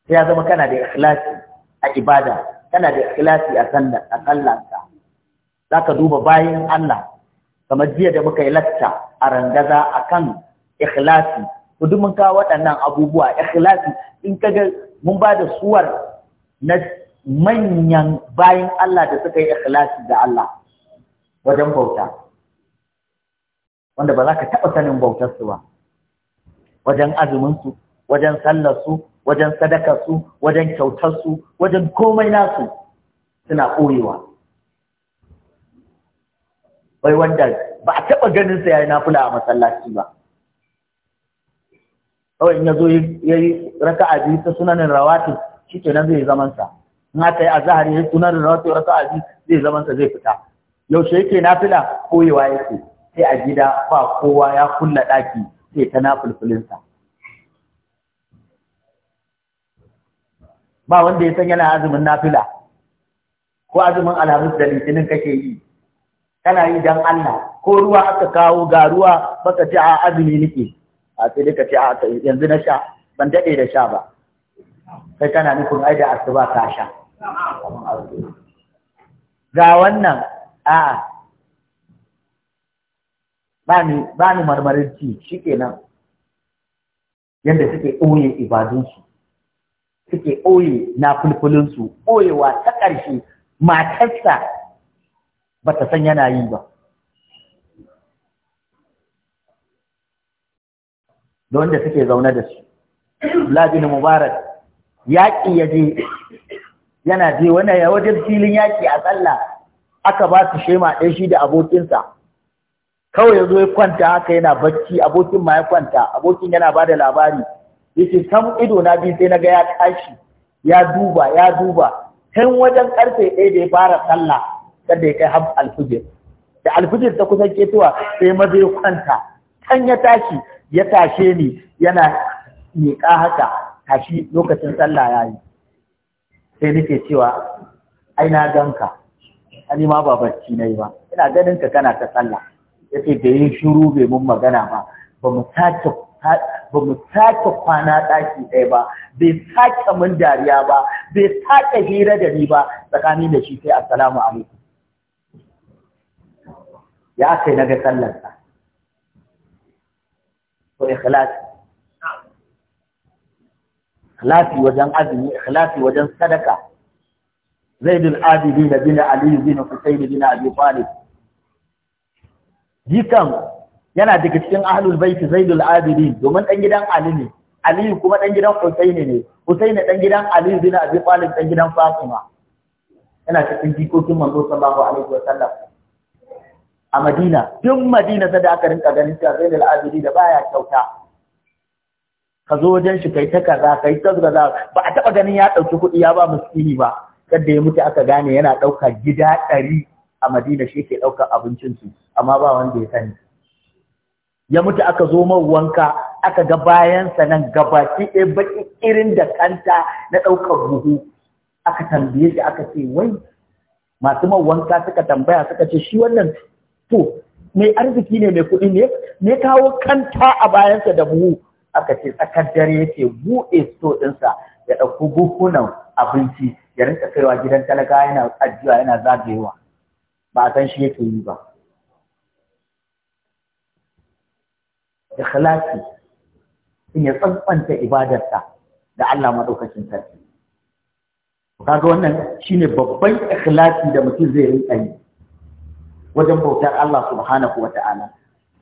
ya zama kana da ikhlasi a ibada kana da ikhlasi a sallar a sallanka zaka duba bayan Allah kamar jiya da muka yi latta a rangaza akan ikhlasi ku duk mun kawo waɗannan abubuwa ikhlasi in ga mun ba da suwar na manyan bayan Allah da suka yi ikhlasi da Allah wajen bauta wanda ba za ka taɓa sanin bautarsu ba wajen azuminsu wajen sallarsu wajen sadakarsu wajen kyautarsu wajen komai nasu suna ɓoyewa bai wanda ba a taɓa ganinsa ya yi nafula a masallaci ba kawai in ya zo ya yi raka a biyu ta sunanin rawatin shi ke nan zai zamansa in aka yi azahar ya sunan sunanin rawatin raka a biyu zai zamansa zai fita yaushe yake nafila koyewa yake sai a gida ba kowa ya kulla ɗaki sai ta nafulfulinsa ba wanda ya san yana azumin nafila ko azumin alhamis da litinin kake yi kana yi dan Allah ko ruwa aka kawo ga ruwa baka ce a azumi nake a sai ka ci a yanzu na sha ban dade da sha ba sai kana nufin ai da asuba ka sha ga wannan a ba ni ba ni marmarin ci shikenan yanda suke ɓoye ibadunsu suke ɓoye na fulfulinsu ɓoyewa ta ƙarshe matarsa ba ta san yana yi ba da wanda suke zaune da su Abdullahi Mubarak yaƙi ya je yana je wani ya wajen filin yaƙi a tsalla aka ba su shema ɗaya shi da abokinsa kawai ya zo ya kwanta haka yana bacci abokin ma ya kwanta abokin yana ba da labari yace sam ido na biyu sai naga ya tashi ya duba ya duba kan wajen karfe ɗaya da ya fara sallah kada ya kai har alfijir da alfijir ta kusan ketuwa sai maza ya kwanta kan ya tashi ya tashe ni yana miƙa haka tashi lokacin sallah ya yi sai nake cewa ai na ganka ani ma ba bacci nayi ba ina ganin ka kana ta sallah yace da yin shiru bai mun magana ba ba mu sake ba mu sake kwana ɗaki ɗaya ba bai sake mun dariya ba bai sake hira da ni ba tsakani da shi sai assalamu alaikum ya kai na ga sallarsa Ko ikhlasi ikhlasi wajen azumi ikhlasi wajen sadaka zaid al-abidi da bin ali bin husayn bin abi talib jikan yana daga cikin ahlul baiti zaidul abidin domin dan gidan ali ne ali kuma dan gidan husaini ne husaini dan gidan ali bin abi talib dan gidan fatima yana cikin jikokin manzo sallallahu alaihi wasallam a madina duk madina sai da aka rinka ganin ta zaidul abidin da baya kyauta ka zo wajen shi kai ta kaza kai ta kaza ba a taba ganin ya dauki kuɗi ya ba miskini ba kada ya mutu aka gane yana dauka gida ɗari a madina shi ke ɗaukar abincinsu amma ba wanda ya sani ya mutu aka zo man wanka aka ga bayansa nan gabaki ɗaya baki irin da kanta na ɗaukar buhu aka tambaye shi aka ce wai masu man wanka suka tambaya suka ce shi wannan to mai arziki ne mai kuɗi ne ne kawo kanta a bayansa da buhu aka ce tsakar dare yake buɗe sto ɗinsa ya ɗauko buhunan abinci ya rinka kaiwa gidan talaka yana ajiya yana zagayewa ba a san shi yake yi ba khalasi in ya tsantsanta ibadarsa da Allah madaukakin sarki kaga wannan shine babban ikhlasi da mutum zai rinka yi wajen bautar Allah subhanahu wata'ala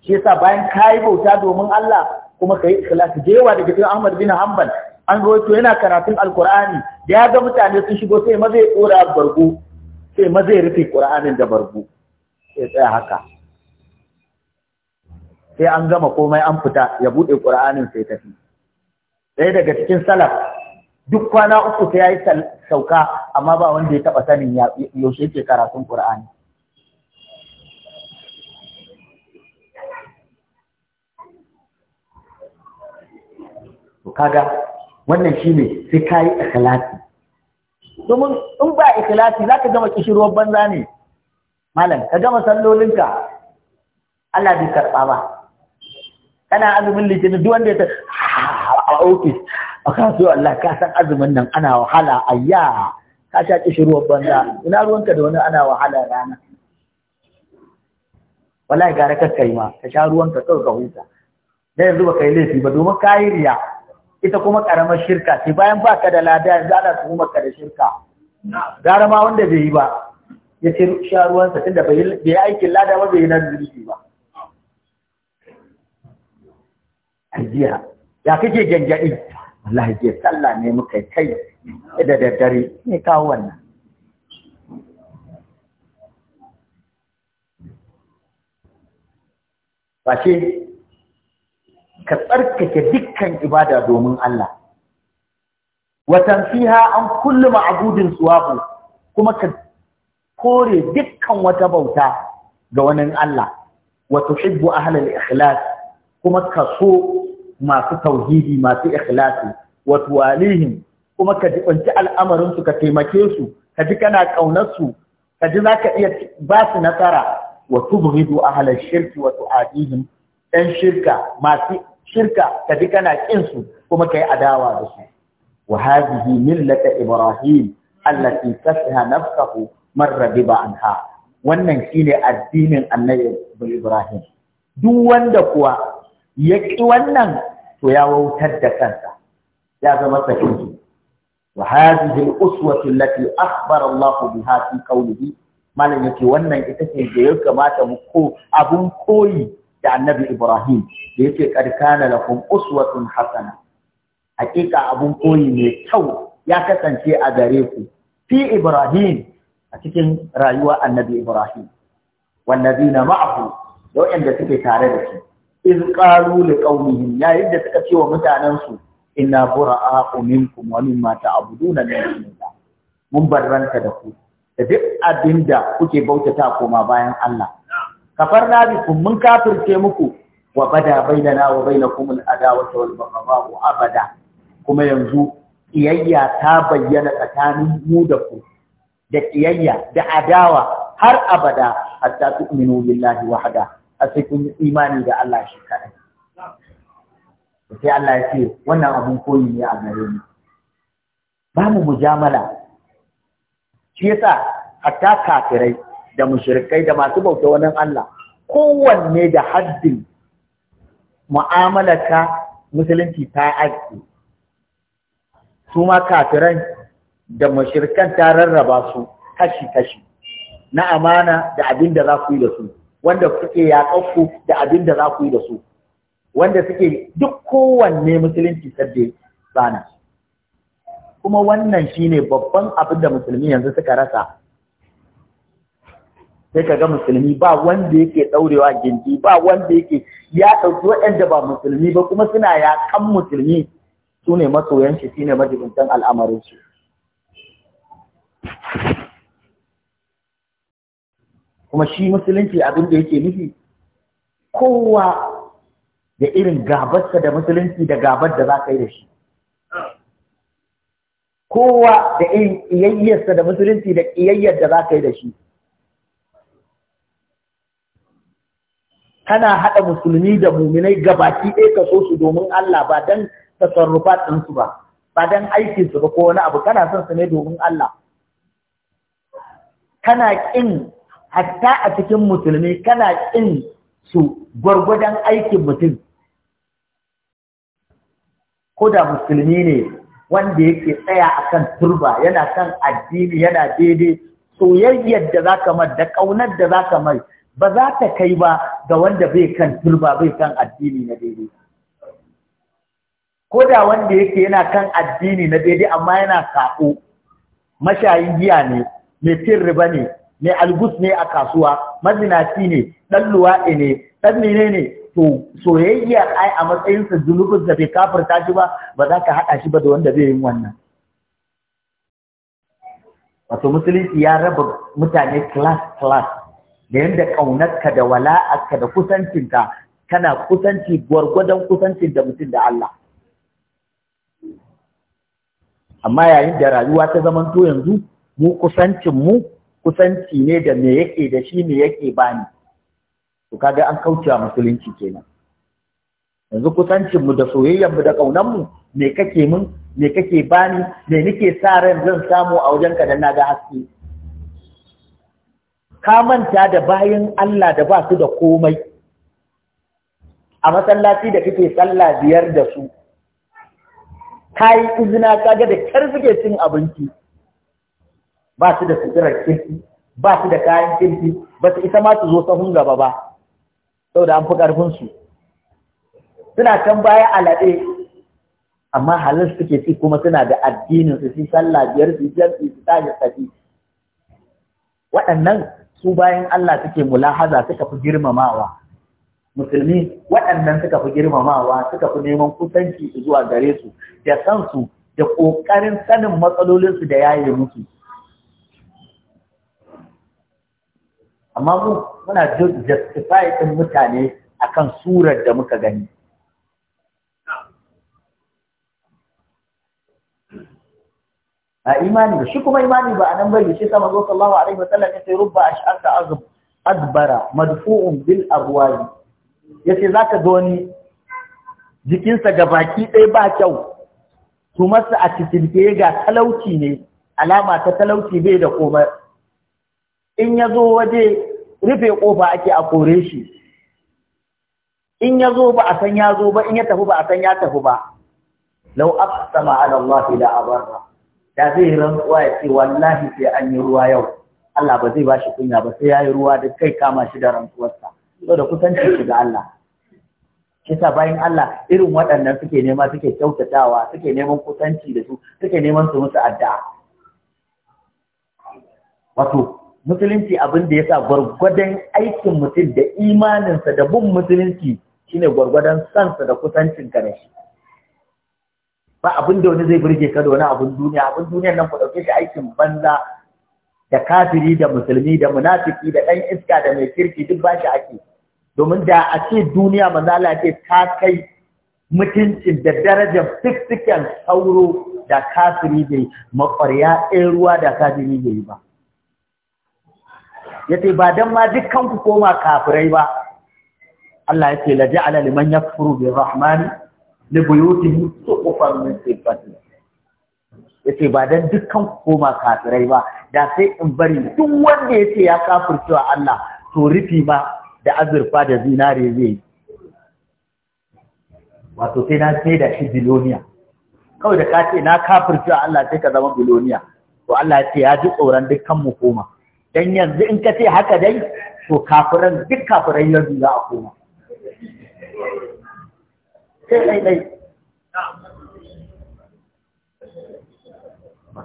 shi yasa bayan kai bauta domin Allah kuma kai ikhlasi da yawa daga cikin Ahmad bin Hanbal an rawaito yana karatun alkur'ani da ya ga mutane sun shigo sai ma zai tsora bargo sai ma zai rufe qur'anin da bargo sai tsaya haka sai an gama komai an fita ya buɗe ƙur'anin sai tafi ɗaya daga cikin salaf duk kwana uku sai ya yi sauka amma ba wanda ya taɓa sanin yaushe yake karatun ƙur'ani kaga wannan shi ne sai ka yi ikhlasi domin in ba ikhlasi za ka gama kishirwar banza ne malam ka gama sallolinka Allah bai karɓa ba ana azumin litinin duk wanda ya ta a ofis a kasuwa Allah ka san azumin nan ana wahala ayya ka sha kishi ruwan banza ina ruwanka da wani ana wahala rana wallahi gara ka kai ma ka sha ruwanka kawai ka huta da yanzu ba kai laifi ba domin ka yi riya ita kuma karamar shirka ce, bayan ba ka da lada yanzu ana tuhumar ka da shirka gara ma wanda bai yi ba ya ce sha ruwansa tunda bai yi aikin lada ba bai yi na zunubi ba jiya ya kake gyangyaɗi wallahi jiya sallah ne muka kai da daddare ne kawo wannan Fashe ka tsarkake dukkan ibada domin Allah watan fiha an a gudun suwaku kuma ka kore dukkan wata bauta ga wani Allah wa a ahlal ikhlas kuma ka so masu tauhidi masu ikhlasi wa tuwalihim kuma ka jibanci al'amarin su ka taimake su ka ji kana kaunar su ka ji zaka iya ba su nasara wa tubhidu ahla shirki wa tu'adihim ɗan shirka masu shirka ka ji kana ƙinsu, su kuma yi adawa da su wa hadhihi millata ibrahim allati tasaha nafsuhu marra biba anha wannan shine addinin annabi ibrahim duk wanda kuwa ya ƙi wannan to ya wautar da kansa ya zama sahihi wa hadhihi al-uswatu allati akhbara Allah biha fi qawlihi malam yake wannan ita ce da ya kamata mu ko abun koyi da Annabi Ibrahim da yake kad kana lakum uswatun hasana hakika abun koyi mai kyau ya kasance a gare ku fi Ibrahim a cikin rayuwa Annabi Ibrahim wallazina ma'ahu da suke tare da shi iz qalu li qaumihim ya yadda suka ce wa mutanen su inna bura'a minkum wa mimma ta'buduna min dunillah mun barranta da ku da duk abinda kuke bautata koma bayan Allah Kafar kafarna kun mun kafirce muku wa bada bainana wa bainakum al-adawatu wal baghdha'u abada kuma yanzu kiyayya ta bayyana tsakanin mu da ku da kiyayya da adawa har abada hatta tu'minu billahi wahda a sai kun yi imani da Allah shi kaɗai. Sai Allah ya ce wannan abin koyi ne a gare ni. Ba mu mujamala. Shi yasa hatta kafirai da mushrikai da masu bauta wani Allah kowanne da haddin mu'amalarka musulunci ta aiki. Su ma kafirai da mushrikan ta rarraba su kashi-kashi na amana da abin da za ku yi da su. wanda suke yaƙanku da abin da za ku yi da su wanda suke duk kowanne musulunci sadde rana, kuma wannan shi ne babban abin da musulmi yanzu suka rasa sai ka ga musulmi ba wanda yake ɗaurewa gindi ba wanda yake ya ɗauki waɗanda ba musulmi ba kuma suna yaƙan musulmi su ne masoyan shi shine majibintan al'amarin shi kuma shi musulunci abin da yake nufi kowa da irin gabarsa da musulunci da gabar da za ka yi da shi kowa da irin ƙiyayyarsa da musulunci da ƙiyayyar da za ka yi da shi kana haɗa musulmi da muminai gabaki ɗaya ka so su domin Allah ba don tasarrufa ɗinsu ba ba don aikinsu ba ko wani abu kana son su ne domin Allah kana ƙin hatta a cikin musulmi kana ƙin su gwargwadon aikin mutum ko da musulmi ne wanda yake tsaya akan turba yana kan addini yana daidai soyayyar da za ka mai da ƙaunar da za ka mai ba za ta kai ba ga wanda bai kan turba bai kan addini na daidai ko da wanda yake yana kan addini na daidai amma yana saƙo mashayin giya ne mai tirri riba ne mai algus ne a kasuwa mazinaci ne ɗan luwa'i ne dan mene ne to soyayya ai a sa zunubin da bai kafirta shi ba ba za ka haɗa shi ba da wanda zai yi wannan wato musulunci ya raba mutane class class da yadda ƙaunarka da wala'arka da kusancinka kana kusanci gwargwadon kusanci da mutum da Allah amma yayin da rayuwa ta zamanto yanzu mu kusancin mu kusanci ne da me yake da shi me yake bani to kaga an kaucewa musulunci kenan yanzu kusancin mu da soyayyar mu da ƙaunar mu me kake min? me kake bani me nake sa ran zan samu a wajen ka dan naga haske ka manta da bayan Allah da ba su da komai a masallaci da kake sallah biyar da su ka yi izina ga da kyar suke cin abinci ba su da suturar kirki ba su da kayan kirki ba su isa ma su zo sahun gaba ba sau da an fi ƙarfinsu suna kan baya a laɗe amma halin suke ci kuma suna da addinin su fi sallah biyar su biyar su tashi tafi waɗannan su bayan Allah suke mulahaza suka fi girmamawa musulmi waɗannan suka fi girmamawa suka fi neman kusanci zuwa gare su da kansu da ƙoƙarin sanin matsalolinsu da yaye musu amma mu muna justify ɗin mutane akan surar da muka gani a imani ba shi kuma imani ba a nan bai shi sama zo sallahu alaihi wasallam ya sai rubba ash'arta azb adbara madfu'un bil abwaji yace zaka ga wani jikinsa ga baki ɗaya ba kyau tumarsa a cikin ga talauci ne alama ta talauci bai da komai in ya zo waje rufe ƙofa ake a kore shi in ya zo ba a san ya zo ba in ya tafi ba a san ya tafi ba lau a ala Allah la abarra da zai rantsuwa ya ce wallahi sai an yi ruwa yau Allah ba zai ba shi kunya ba sai ya yi ruwa da kai kama shi da rantsuwarsa da kusanci shi ga Allah kisa bayan Allah irin waɗannan suke nema suke kyautatawa suke neman kusanci da su suke neman su musu addu'a wato musulunci abin da ya sa gwargwadon aikin mutum da imaninsa da bin musulunci shine gwargwadon sansa da kusancin ka da shi ba abin da wani zai burge ka da wani abin duniya abin duniya nan ku dauke shi aikin banza da kafiri da musulmi da munafiki da ɗan iska da mai kirki duk ba shi ake domin da a ce duniya manzo Allah ce ta kai mutuncin da darajar fiksikan sauro da kafiri bai makwarya ɗan ruwa da kafiri bai ba yace ba dan ma dukkan ku koma kafirai ba Allah yace la ja'ala liman yakfuru bi rahmani li buyutihi suqufan min sifati yace ba dan dukkan ku koma kafirai ba da sai in bari duk wanda yace ya kafircewa Allah to rufi ba da azurfa da zinare zai wato sai na sai da shi biloniya kawai da ka ce na kafircewa Allah sai ka zama biloniya to Allah ya ce ya ji tsoron dukkan mu koma dan yanzu in ka ce haka dai to kafiran duk kafiran yanzu za a koma sai dai dai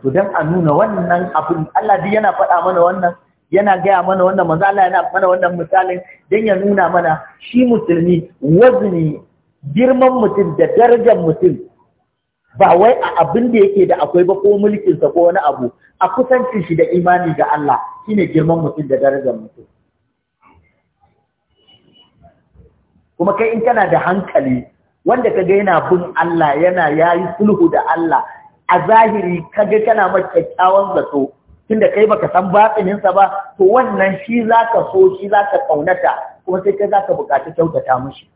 to dan a nuna wannan abin Allah duk yana faɗa mana wannan yana gaya mana wannan manzo Allah yana mana wannan misalin dan ya nuna mana shi musulmi wazni girman mutum da darajar mutum ba wai a abin da yake da akwai ba ko mulkinsa ko wani abu a kusancin shi da imani ga Allah shine girman mutum da darajar mutum kuma kai in kana da hankali wanda ka ga yana bin Allah yana yayi sulhu da Allah a zahiri ka ga kana mai kyakkyawan zato tunda kai baka san batsininsa ba to wannan shi zaka so shi zaka kaunata kuma sai kai zaka bukaci kyautata mishi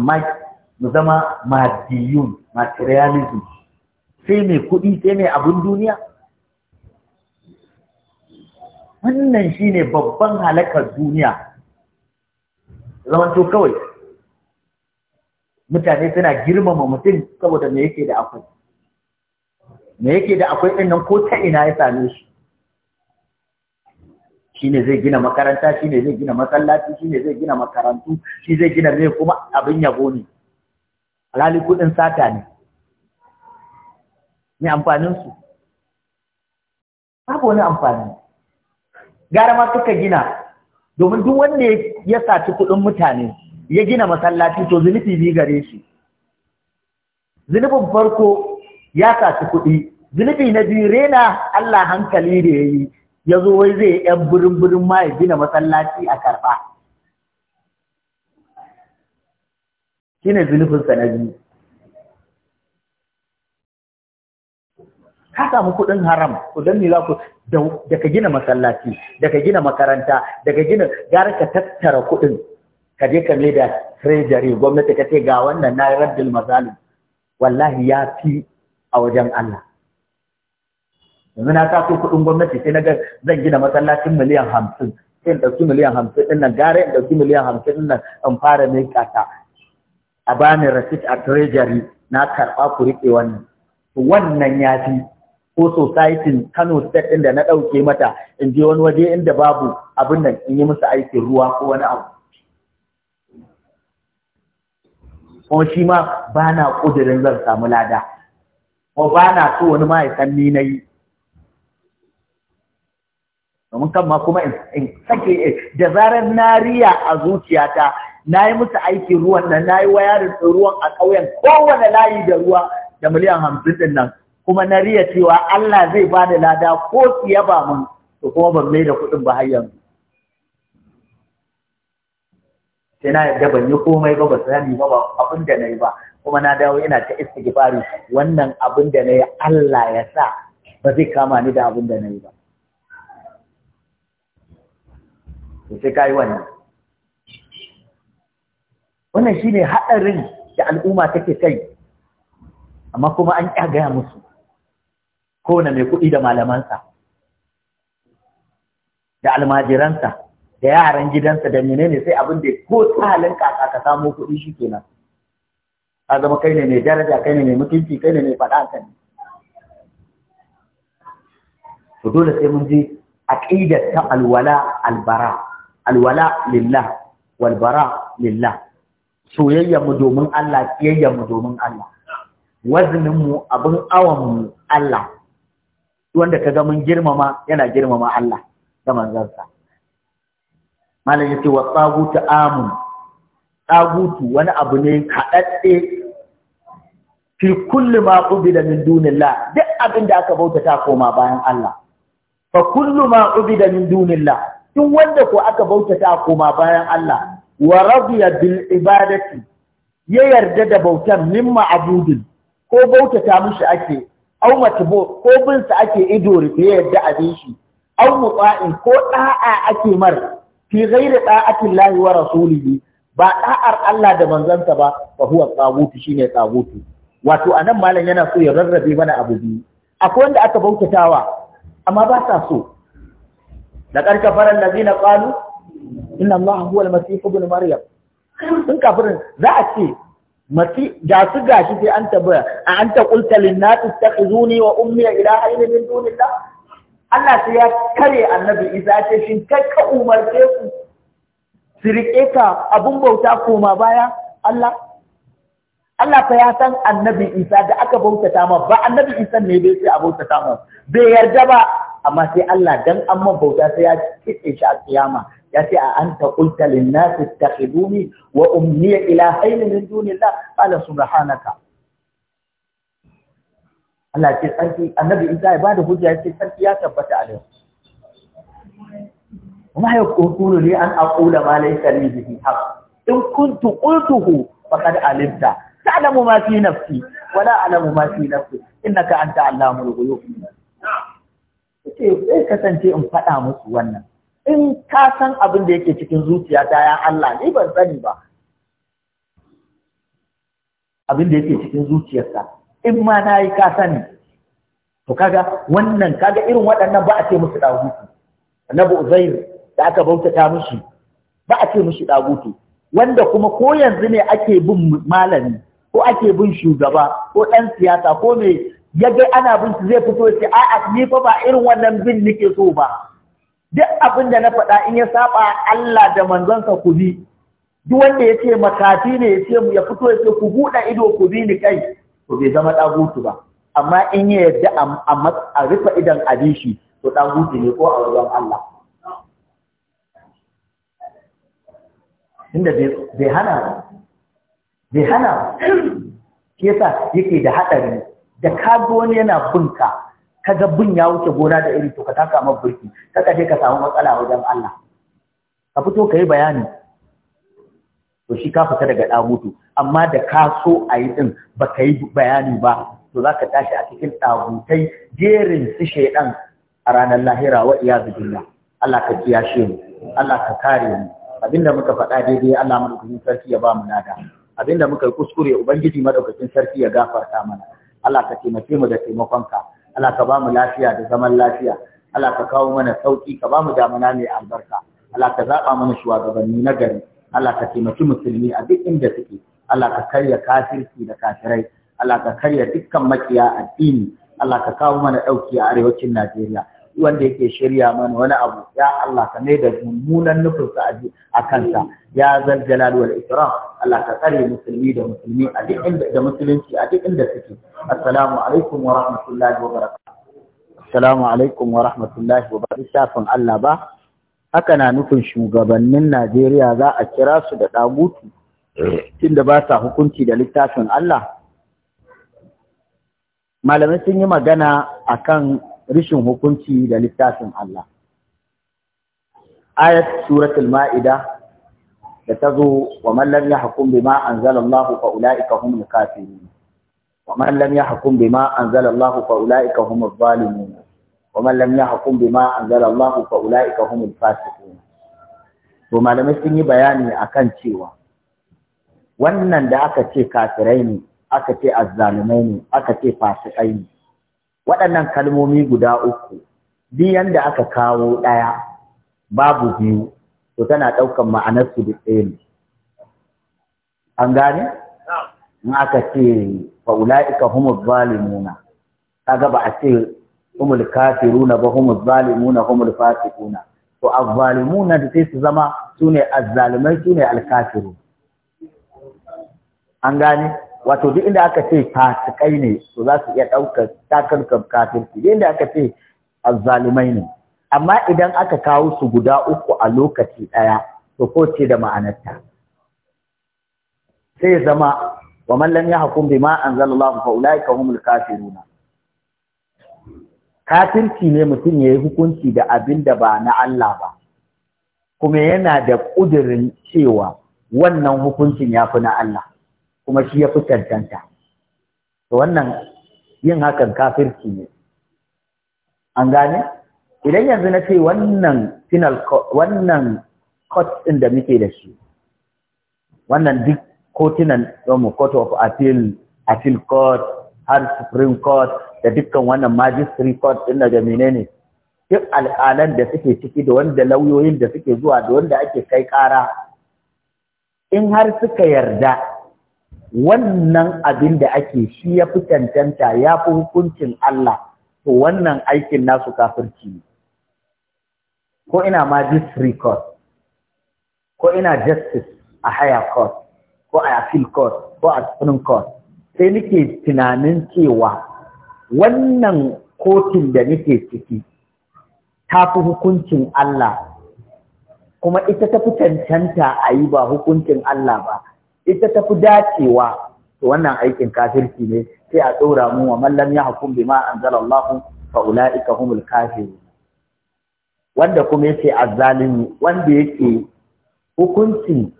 amma mu zama madiyun materialism sai mai kuɗi sai mai abin duniya wannan shi ne babban halakar duniya zamanto kawai mutane suna girmama mutum saboda me yake da akwai me yake da akwai ɗin nan ko ta ina ya same shi shine zai gina makaranta shine zai gina masallaci shine zai gina makarantu shi zai gina zai kuma abin yabo ne alhali kudin sata ne me amfanin su babu wani amfani gara ma suka gina domin duk wanda ya saci kudin mutane ya gina masallaci to zunubi bi gare shi zunubin farko ya saci kuɗi zunubi na biyu rena Allah hankali da ya yi ya zo wai zai yan birin birin ma ya gina masallaci a karɓa shi ne zunufinsa na ka samu kuɗin haram ku don za ku da gina masallaci da ka gina makaranta da ka gina gara ka tattara kuɗin ka je ka da treasury gwamnati ka ce ga wannan na raddul mazalim wallahi ya fi a wajen Allah yanzu na kaso kuɗin gwamnati sai na ga zan gina masallacin miliyan hamsin sai in ɗauki miliyan hamsin ɗin nan gare in ɗauki miliyan hamsin ɗin nan in fara mai ƙasa. a bani rasit a tirejari na karɓa ku riƙe wannan wannan ya fi ko society Kano state ɗin da na ɗauke mata in je wani waje inda babu abin nan in yi musu aikin ruwa ko wani abu ko shi ma ba na ƙudurin zan samu lada ko ba na so wani ma ya san ni na yi domin kan ma kuma in sake eh, da zarar na riya a zuciyata na yi musu aiki ruwan nan na yi wayarin ruwan a ƙauyen kowane layi da ruwa da miliyan hamsin dinnan. nan kuma na riya cewa Allah zai ba da lada ko siya ba mun to kuma ban mai da kuɗin ba har yanzu sai na yadda ban yi komai ba ba sani ba abin da na yi ba kuma na dawo ina ta istighfari wannan abin da na yi Allah ya sa ba zai kama ni da abin da na yi ba to sai ka yi wannan wannan shine haɗarin da al'umma take kai amma kuma an ƙya gaya musu kowane mai kuɗi da malamansa da almajiransa da yaran gidansa da menene sai abin da ko tsalin kasa kaka ka samo kuɗi shi kenan ka zama kai ne mai daraja kai ne mai mutunci kai ne mai faɗa kan to dole sai mun ji aqidar ta alwala albara alwala lillah walbara lillah soyayya mu domin Allah kiyayyar mu domin Allah wazinin mu abin awan mu Allah wanda kaga mun girmama yana girmama Allah da manzansa malam yace wa tsagutu amun tsagutu wani abu ne kadadde, fi kulli ma ubida min dunillah duk abin da aka bautata koma bayan Allah fa kullu ma ubida min dunillah duk wanda ko aka bautata a koma bayan Allah wa radiya bil ibadati ya yarda da bautan min abudin ko bautata mushi ake au matbu ko bin sa ake ido rufe yarda a bin shi au mutsa'in ko da'a ake mar fi ghairi da'ati Allah wa rasulihi ba da'ar Allah da manzansa ba fa huwa tsabutu shine tsabutu wato anan malam yana so ya rarrabe mana abu biyu akwai wanda aka bautatawa amma ba sa so laqad kafara allazina nazina inna allaha huwa al-masih ibn maryam sun kafirin za a ce mati ga su gashi sai an tabbaya a an ta qulta lin-nas ittakhizuni wa ummi ilahayn min dunillah Allah sai ya kare annabi Isa ya ce shin kai ka umarce su su ka abun bauta koma baya Allah Allah fa ya san annabi Isa da aka bautata ma ba annabi Isa ne bai sai a bautata ma bai yarda ba amma sai Allah dan an man bauta sai ya kitse shi a kiyama ya ce a anta qulta lin nas ittakhiduni wa ila ilahayn min dunillah qala subhanaka Allah ce sarki annabi Isa ya bada hujja ya ce sarki ya tabbata a yau ya yaqulu li an aqula ma laysa li bihi haqq in kuntu qultuhu faqad alimta ta'lamu ma fi nafsi wa la a'lamu ma fi nafsi innaka anta allamul ghuyub yace zai kasance in faɗa musu wannan in ka san abin da yake cikin zuciyata ya Allah ni ban sani ba abin da yake cikin zuciyarsa in ma na yi ka sani to kaga wannan kaga irin waɗannan ba a ce musu ɗagutu annabi uzair da aka bautata mushi ba a ce mushi ɗagutu wanda kuma ko yanzu ne ake bin malami ko ake bin shugaba ko ɗan siyasa ko mai ya ga ana bin su zai fito ce a'a ni fa ba irin wannan bin nake so ba duk abin da na faɗa in ya saba Allah da manzonsa ku bi duk wanda ya ce makafi ne ya ce mu ya fito ya ce ku buɗe ido ku bi ni kai to bai zama ɗagutu ba amma in ya yarda a rufe idan abin shi to ɗagutu ne ko a wajen Allah inda bai hana bai hana ke yasa yake da haɗari da ka ga wani yana bin ka kaga bin ya wuce gona da iri to ka taka mar burki ka je ka samu matsala wajen Allah ka fito ka yi bayani to shi ka fita daga ɗagutu amma da ka so a yi ɗin ba ka yi bayani ba to za ka tashi a cikin ɗagutai jerin su shaiɗan a ranar lahira wa iya billah Allah ka shi mu Allah ka kare mu abinda muka faɗa daidai Allah madaukakin sarki ya ba mu nada abinda muka yi kuskure ubangiji madaukakin sarki ya gafarta mana Allah ka taimake mu da taimakonka Allah ka ba mu lafiya da zaman lafiya Allah ka kawo mana sauki ka ba mu damuna mai albarka Allah ka zaɓa mana shugabanni na gari Allah ka taimaki musulmi a duk inda suke Allah ka karya kafirci da kafirai Allah ka karya dukkan makiya addini Allah ka kawo mana ɗauki a arewacin Najeriya wanda yake shirya mana wani abu ya Allah ka mai da mummunan aji a kansa ya zal jalal wal ikram Allah ka tsare musulmi da musulmi a duk inda da musulunci a duk inda suke assalamu alaikum wa rahmatullahi wa barakatuh assalamu alaikum wa rahmatullahi wa barakatuh shafin Allah ba haka na nufin shugabannin Najeriya za a kira su da dagutu tunda ba sa hukunci da littafin Allah malamai sun yi magana akan rishin hukunci da littafin Allah ayat suratul ma'ida da ta zo wa man lam yahkum bima anzalallahu fa ulaika humul kafirun wa man lam yahkum bima anzalallahu fa ulaika humuz ne, wa man lam yahkum bima anzalallahu fa ulaika humul ne. to malamai sun yi bayani a kan cewa wannan da aka ce kafirai ne aka ce azzalumai ne aka ce fasikai ne waɗannan kalmomi guda uku biyan yanda aka kawo ɗaya babu biyu to tana ɗaukan ma'anar su da ɗaya ne an gane in aka ce fa ula'ika humuz zalimuna kaga ba a ce humul kafiruna ba humuz zalimuna humul fasiquna to azzalimuna da sai su zama sune azzalimai sune alkafiru an gane wato duk inda aka ce fasikai ne to za su iya ɗaukar takarkar kafirci duk inda aka ce azzalumai ne amma idan aka kawo su guda uku a lokaci ɗaya to ko ce da ma'anarta sai zama wa man lam yahkum bima anzalallahu fa ulaika humul kafirun kafirci ne mutum yayi hukunci da abin da ba na Allah ba kuma yana da ƙudirin cewa wannan hukuncin ya fi na Allah kuma shi ya fi cancanta to wannan yin hakan kafirci ne an gane idan yanzu na ce wannan final wannan court ɗin da muke da shi wannan duk kotunan mu um, court of appeal appeal court har supreme court da dukkan wannan magistrate court daga menene duk alƙalan da suke ciki da wanda lauyoyin da suke zuwa da wanda ake kai ƙara in har suka yarda wannan abin da ake shi ya fi cancanta ya fi hukuncin Allah to wannan aikin nasu kafirci ne ko ina ma district court ko ina justice a higher court ko a appeal court ko a supreme court sai nake tunanin cewa wannan kotun da nake ciki ta fi hukuncin Allah kuma ita ta fi cancanta a yi ba hukuncin Allah ba ita ta fi dacewa to wannan aikin kafirci ne sai a tsora mu wa mallam ya hukum bima anzala Allah fa ulaika humul kafirun wanda kuma yake azzalimi wanda yake hukunci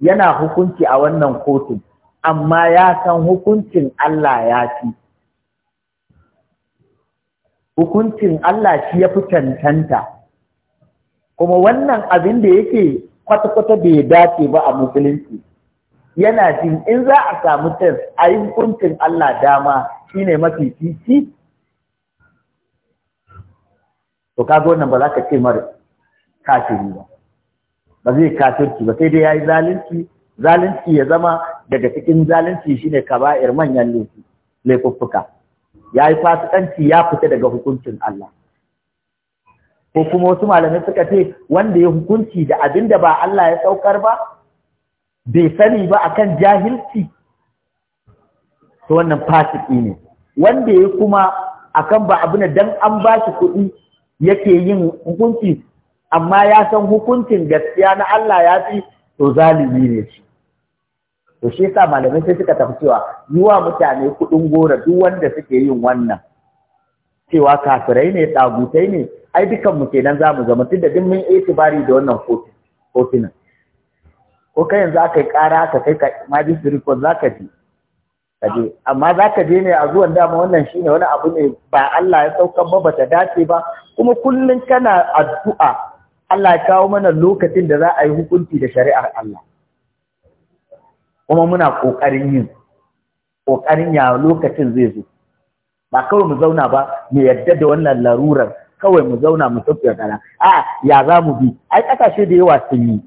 yana hukunci a wannan kotu amma ya san hukuncin Allah ya fi hukuncin Allah shi ya fi cancanta kuma wannan abin da yake kwata-kwata bai dace ba a musulunci yana jin in za a samu test a yi hukuncin Allah dama shine mafi fifi to kaga wannan ba za ka ce mara kafiri ba ba zai kafirci ba sai dai ya yi zalunci zalunci ya zama daga cikin zalunci shine kaba'ir manyan laifuffuka. laifuffuka yi fasikanci ya fita daga hukuncin Allah ko kuma wasu malamai suka ce wanda ya hukunci da abin da ba Allah ya saukar ba bai sani ba akan jahilci to wannan fasiki ne wanda ya kuma akan ba na dan an ba shi kuɗi yake yin hukunci amma ya san hukuncin gaskiya na Allah ya fi to zalimi ne shi to shi yasa malamai sai suka tafi cewa yi wa mutane kuɗin gora duk wanda suke yin wannan cewa kafirai ne ɗagutai ne ai dukan mu kenan zamu zama tunda duk mun itibari da wannan hotunan ko kai yanzu aka yi ƙara aka kai ka majistri ko za ka je kaje amma za ka je ne a zuwan dama wannan shi ne wani abu ne ba Allah ya sauka ba bata dace ba kuma kullum kana addu'a Allah ya kawo mana lokacin da za a yi hukunci da shari'ar Allah kuma muna ƙoƙarin yin kokarin ya lokacin zai zo ba kawai mu zauna ba mu yadda da wannan larurar kawai mu zauna mu da gara a ya za mu bi ai ƙasashe da yawa sun yi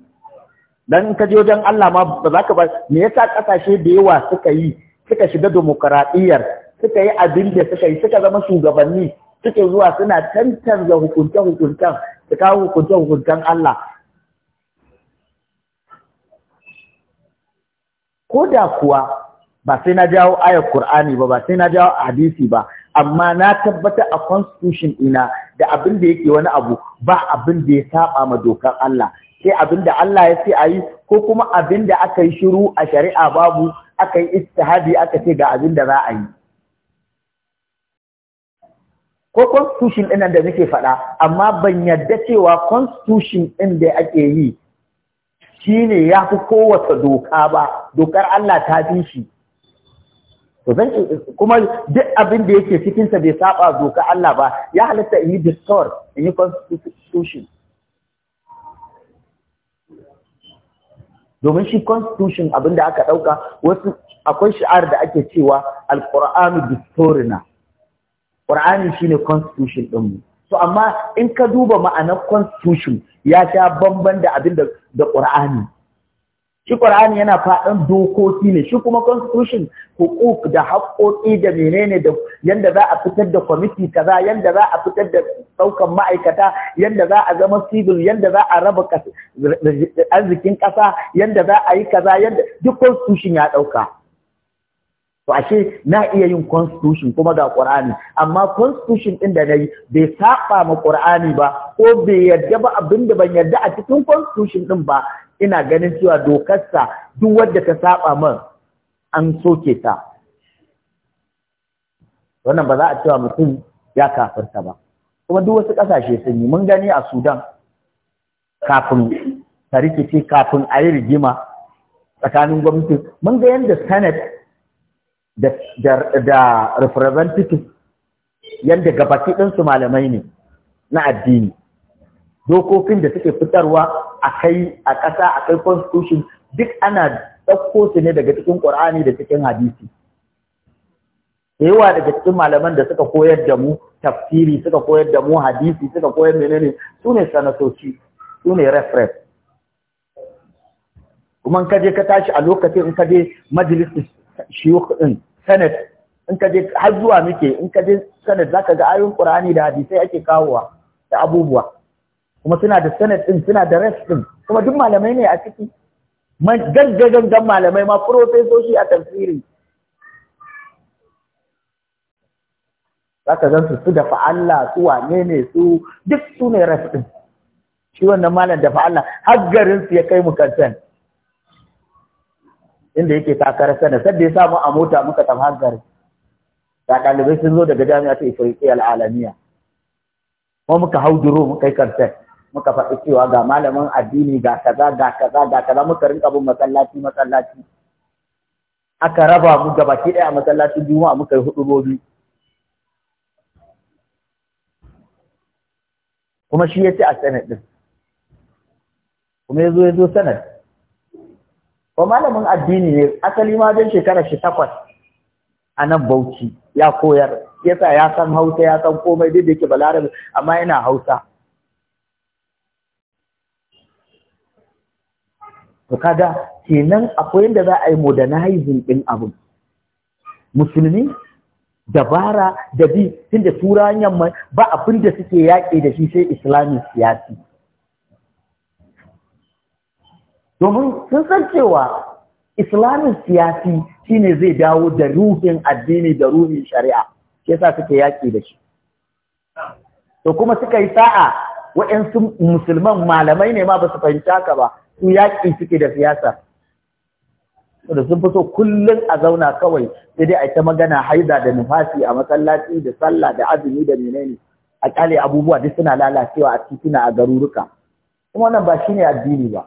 dan in ka je wajen Allah ma ba za ka ba me yasa kasashe da yawa suka yi suka shiga demokradiyyar suka yi abin da suka yi suka zama shugabanni suke zuwa suna tantance hukuncen hukuncen su kawo hukuncen hukuncen Allah ko da kuwa ba sai na jawo ayar Kur'ani ba ba sai na jawo hadisi ba amma na tabbata a constitution ina da abin da yake wani abu ba abin da ya saba ma dokar Allah sai abin da Allah ya ce a yi ko kuma abin da aka yi shiru a shari'a babu aka yi istihadi aka ce ga abin da za a yi ko constitution ɗin da nake faɗa amma ban yarda cewa constitution ɗin da ake yi ne ya fi kowace doka ba dokar Allah ta fi shi kuma duk abin da yake cikinsa bai saba doka Allah ba ya halatta in yi discourse, in yi constitution domin shi constitution abin da aka ɗauka wasu akwai shi'ar da ake cewa alkur'ani distorina ƙur'ani shine constitution mu. to amma in ka duba ma'anar constitution ya sha bamban da abin da ƙur'ani shi ƙwar'ani yana faɗin dokoki ne shi kuma constitution hukuk da haƙoƙi da menene da yadda za a fitar da kwamiti kaza yadda za a fitar da ɗaukan ma'aikata yadda za a zama civil yadda za a raba arzikin ƙasa yadda za a yi kaza yadda. duk constitution ya ɗauka to ashe na iya yin constitution kuma ga ƙwar'ani amma constitution ɗin da na yi bai saɓa ma ƙur'ani ba ko bai yarda ba abinda ban yarda a cikin constitution ɗin ba ina ganin cewa dokarsa duk wadda ta saba man an soke ta wannan ba za a cewa mutum ya kafarta ba kuma duk wasu ƙasashe sun yi mun gani a sudan kafin ta rikice kafin a yi rigima tsakanin gwamnati mun ga yadda senate da representative yadda gabaki ɗinsu malamai ne na addini dokokin da suke fitarwa akai a ƙasa akai constitution duk ana ɗauko su ne daga cikin Qur'ani da cikin hadisi yawa daga cikin malaman da suka koyar da mu tafsiri suka koyar da mu hadisi suka koyar menene su ne sanasoci su ne reference kuma in ka je ka tashi a lokacin in ka je majalisin shiyuk din sanad in ka je har zuwa muke in ka je senate zaka ga ayoyin qur'ani da hadisai ake kawowa da abubuwa kuma suna da senate din suna da rest din kuma duk malamai ne a ciki Man gaggagangan malamai ma profesoshi a tafsiri za ka zan su su da fa'alla su wane ne su duk su ne rest din shi wannan malam da fa'alla har garin su ya kai mu kansan inda yake takarar sana sadda ya samu a mota muka tafi har garin ɗalibai sun zo daga jami'a ta ifirki alamiya kuma muka hau duro muka kai kansan muka faɗi cewa ga malamin addini ga kaza ga kaza ga kaza muka rinka bin masallaci masallaci aka raba mu gabaki ɗaya a masallacin juma'a muka yi hudu gobi kuma shi ya ce a sanad din kuma ya zo ya zo sanad ba malamin addini ne asali ma don shekara shi takwas a nan bauchi ya koyar yasa ya san hausa ya san komai duk da yake balarabe amma yana hausa to kaga kenan akwai yadda za a yi modernizing din abu. musulmi dabara da bi tunda turan yamma ba abin da suke yaƙi da shi sai islami siyasi domin sun san cewa islamin siyasi shi ne zai dawo da ruhin addini da ruhin shari'a shi yasa suke yaƙi da shi to kuma suka yi sa'a waɗansu musulman malamai ne ma ba su fahimci haka ba su yaƙi suke da siyasa da sun so kullum a zauna kawai sai dai a ta magana haiza da nufasi a masallaci da sallah da azumi da menene a kyale abubuwa duk suna lalacewa a titina a garuruka kuma wannan ba shine addini ba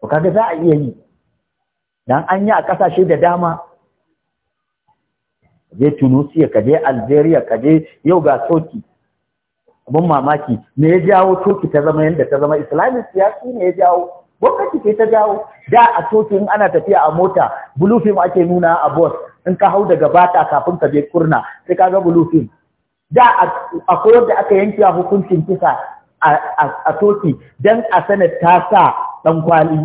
to kaga za a iya yi dan an yi a kasashe da dama je Tunisia ka je Algeria ka je yau ga Turkey abin mamaki me ya jawo toki ta zama yadda ta zama islamic siyasi ne ya jawo gwamnati ce ta jawo da a toki in ana tafiya a mota blue ake nuna a bus in ka hau daga bata kafin ka je kurna sai ka ga blue film da akwai wanda aka yanke hukuncin kisa a toki don a sanar ta sa dan kwali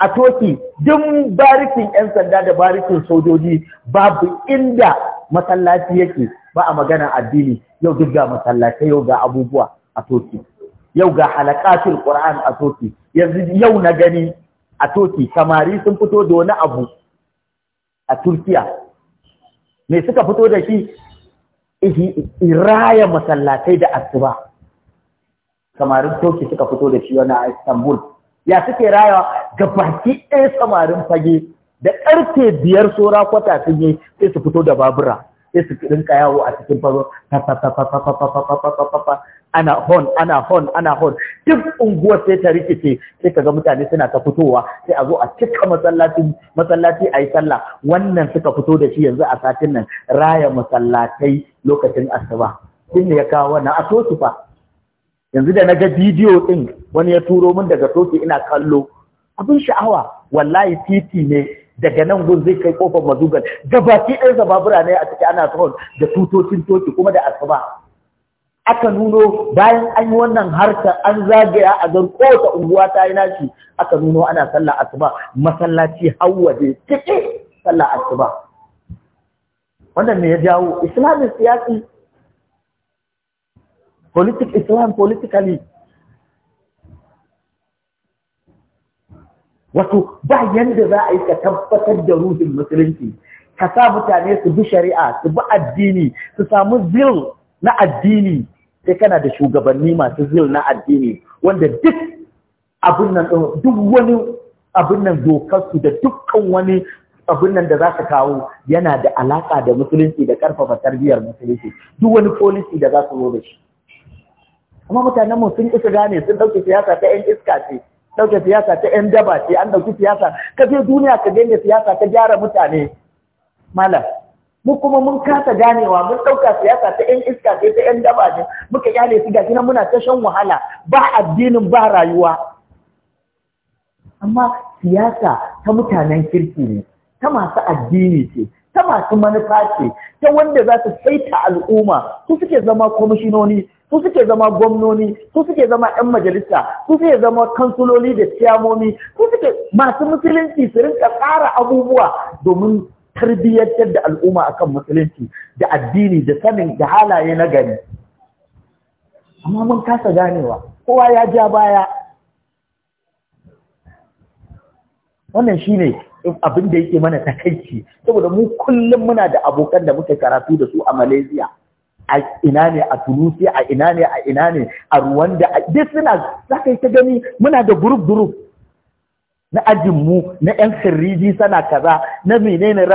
a toki duk barikin 'yan sanda da barikin sojoji babu inda masallaci yake ba a magana addini yau duk ga masallatai yau ga abubuwa a toki yau ga halakatul qur'an a toki yanzu yau na gani a toki samari sun fito da wani abu a turkiya me suka fito da shi iraya masallatai da asuba samarin toki suka fito da shi wani a istanbul ya suke raya ga baki ɗaya samarin fage da ƙarfe biyar saura kwata sun yi sai su fito da babura sai su yawo a cikin ana hon ana hon ana hon duk unguwar sai ta rikice sai ka ga mutane suna ta fitowa sai a zo a cika masallaci masallaci ayi sallah wannan suka fito da shi yanzu a satin nan raya masallatai lokacin asuba din ya kawo wannan a tosu fa yanzu da na ga bidiyo din wani ya turo min daga toki ina kallo abin sha'awa wallahi titi ne daga nan gun zai kai kofar mazugal gabaki ɗaya zama birane a ciki ana tsohon da tutocin toki kuma da asuba aka nuno bayan an yi wannan harkar an zagaya a zan kowace unguwa ta yi nashi aka nuno ana sallah asuba masallaci hawa da cike sallah asuba wannan ne ya jawo islamic siyasi politic islam politically wato ba yadda za a yi ka tabbatar da ruhin musulunci ka sa mutane su bi shari'a su bi addini su samu zil na addini sai kana da shugabanni masu zil na addini wanda duk abin nan duk wani abin nan dokarsu da dukkan wani abin nan da za ka kawo yana da alaƙa da musulunci da ƙarfafa tarbiyyar musulunci duk wani policy da za su zo da shi amma mutanen mu sun isa gane sun ɗauke siyasa ta yan iska ce ɗauke siyasa ta ‘yan daba ce an ɗauki siyasa ka je duniya ka gani siyasa ta gyara mutane malam mu kuma mun kasa ganewa mun ɗauka siyasa ta ‘yan iska ce ta ‘yan daba ne muka kyale su gashi nan muna ta wahala ba addinin ba rayuwa amma siyasa ta mutanen kirki ne ta masu addini ce ta masu manufa ce ta wanda za su saita al'umma su suke zama kwamishinoni su suke zama gwamnoni su suke zama 'yan majalisa su suke zama kansuloli da ciyamomi su suke masu musulunci su rinka tsara abubuwa domin tarbiyyantar da al'umma akan musulunci da addini da sanin da halaye na gari amma mun kasa ganewa kowa ya ja baya wannan shi ne abin da yake mana takaici saboda mu kullum muna da abokan da muke karatu da su a Malaysia a ina ne a tunusi a ina ne a ina ne a ruwanda duk suna za ka yi ta gani muna da group group na ajinmu na yan sirriji sana kaza na menene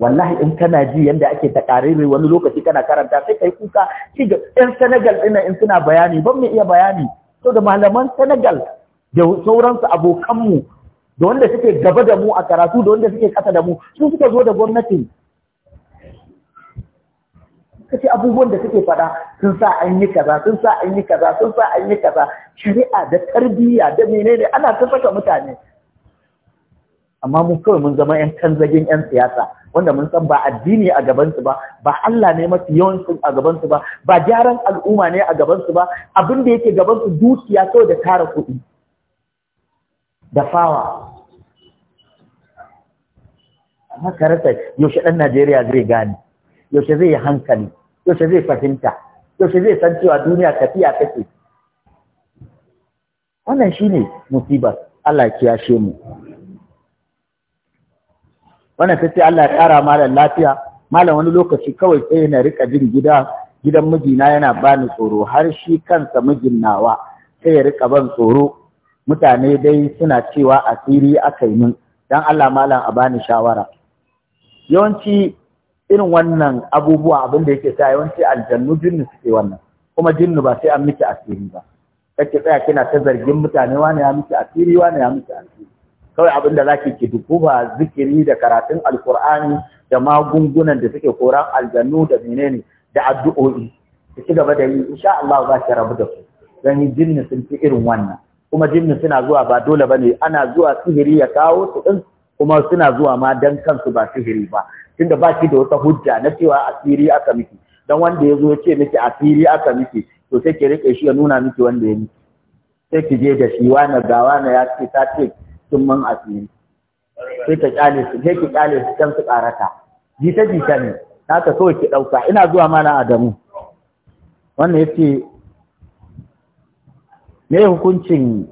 wallahi in kana ji yanda ake ta karere wani lokaci kana karanta sai kai kuka shi ga yan Senegal din in suna bayani ban mu iya bayani to da malaman Senegal da sauransu abokanmu da wanda suke gaba da mu a karatu da wanda suke kasa da mu su suka zo da gwamnati kace abubuwan da suke fada sun sa an yi kaza sun sa an yi kaza sun sa an yi kaza shari'a da tarbiyya da menene ana ta saka mutane amma mun kawai mun zama yan kanzagin yan siyasa wanda mun san ba addini a gabansu ba ba Allah ne mafi yawancin a gabansu ba ba gyaran al'umma ne a gabansu ba abin da yake gabansu dukiya kawai da tara kuɗi da fawa amma rasa yaushe ɗan Najeriya zai gane yaushe zai yi hankali yaushe zai fahimta yaushe zai san cewa duniya tafiya take wannan shine musibar Allah ya kiyashe mu wannan sai Allah ya kara malam lafiya malam wani lokaci kawai sai na rika jin gida gidan mijina yana bani tsoro har shi kansa mijin nawa sai ya rika ban tsoro mutane dai suna cewa asiri aka yi min dan Allah malam a bani shawara yawanci irin wannan abubuwa abin da yake sa yawanci aljannu jinnu suke wannan kuma jinnu ba sai an miki asiri ba kake tsaya kina ta zargin mutane wani ya miki asiri wani ya miki asiri kawai abin da zaki ki ba zikiri da karatun alkur'ani da magungunan da suke koran aljannu da menene da addu'o'i ki ci gaba da yi insha Allah za ki rabu da su dan jinnu sun fi irin wannan kuma jinnu suna zuwa ba dole bane ana zuwa sihiri ya kawo su din kuma suna zuwa ma dan kansu ba sihiri ba tunda ba ki da wata hujja na cewa asiri aka miki dan wanda ya zo ya ce miki asiri aka miki to sai ki rike shi ya nuna miki wanda ya miki sai ki je da shi wani gawa na ya ce ta ce sun man asiri sai ka kyale su sai ki kyale su kan su karata jita jita ne ta so ki dauka. ina zuwa mana adamu wannan yace me hukuncin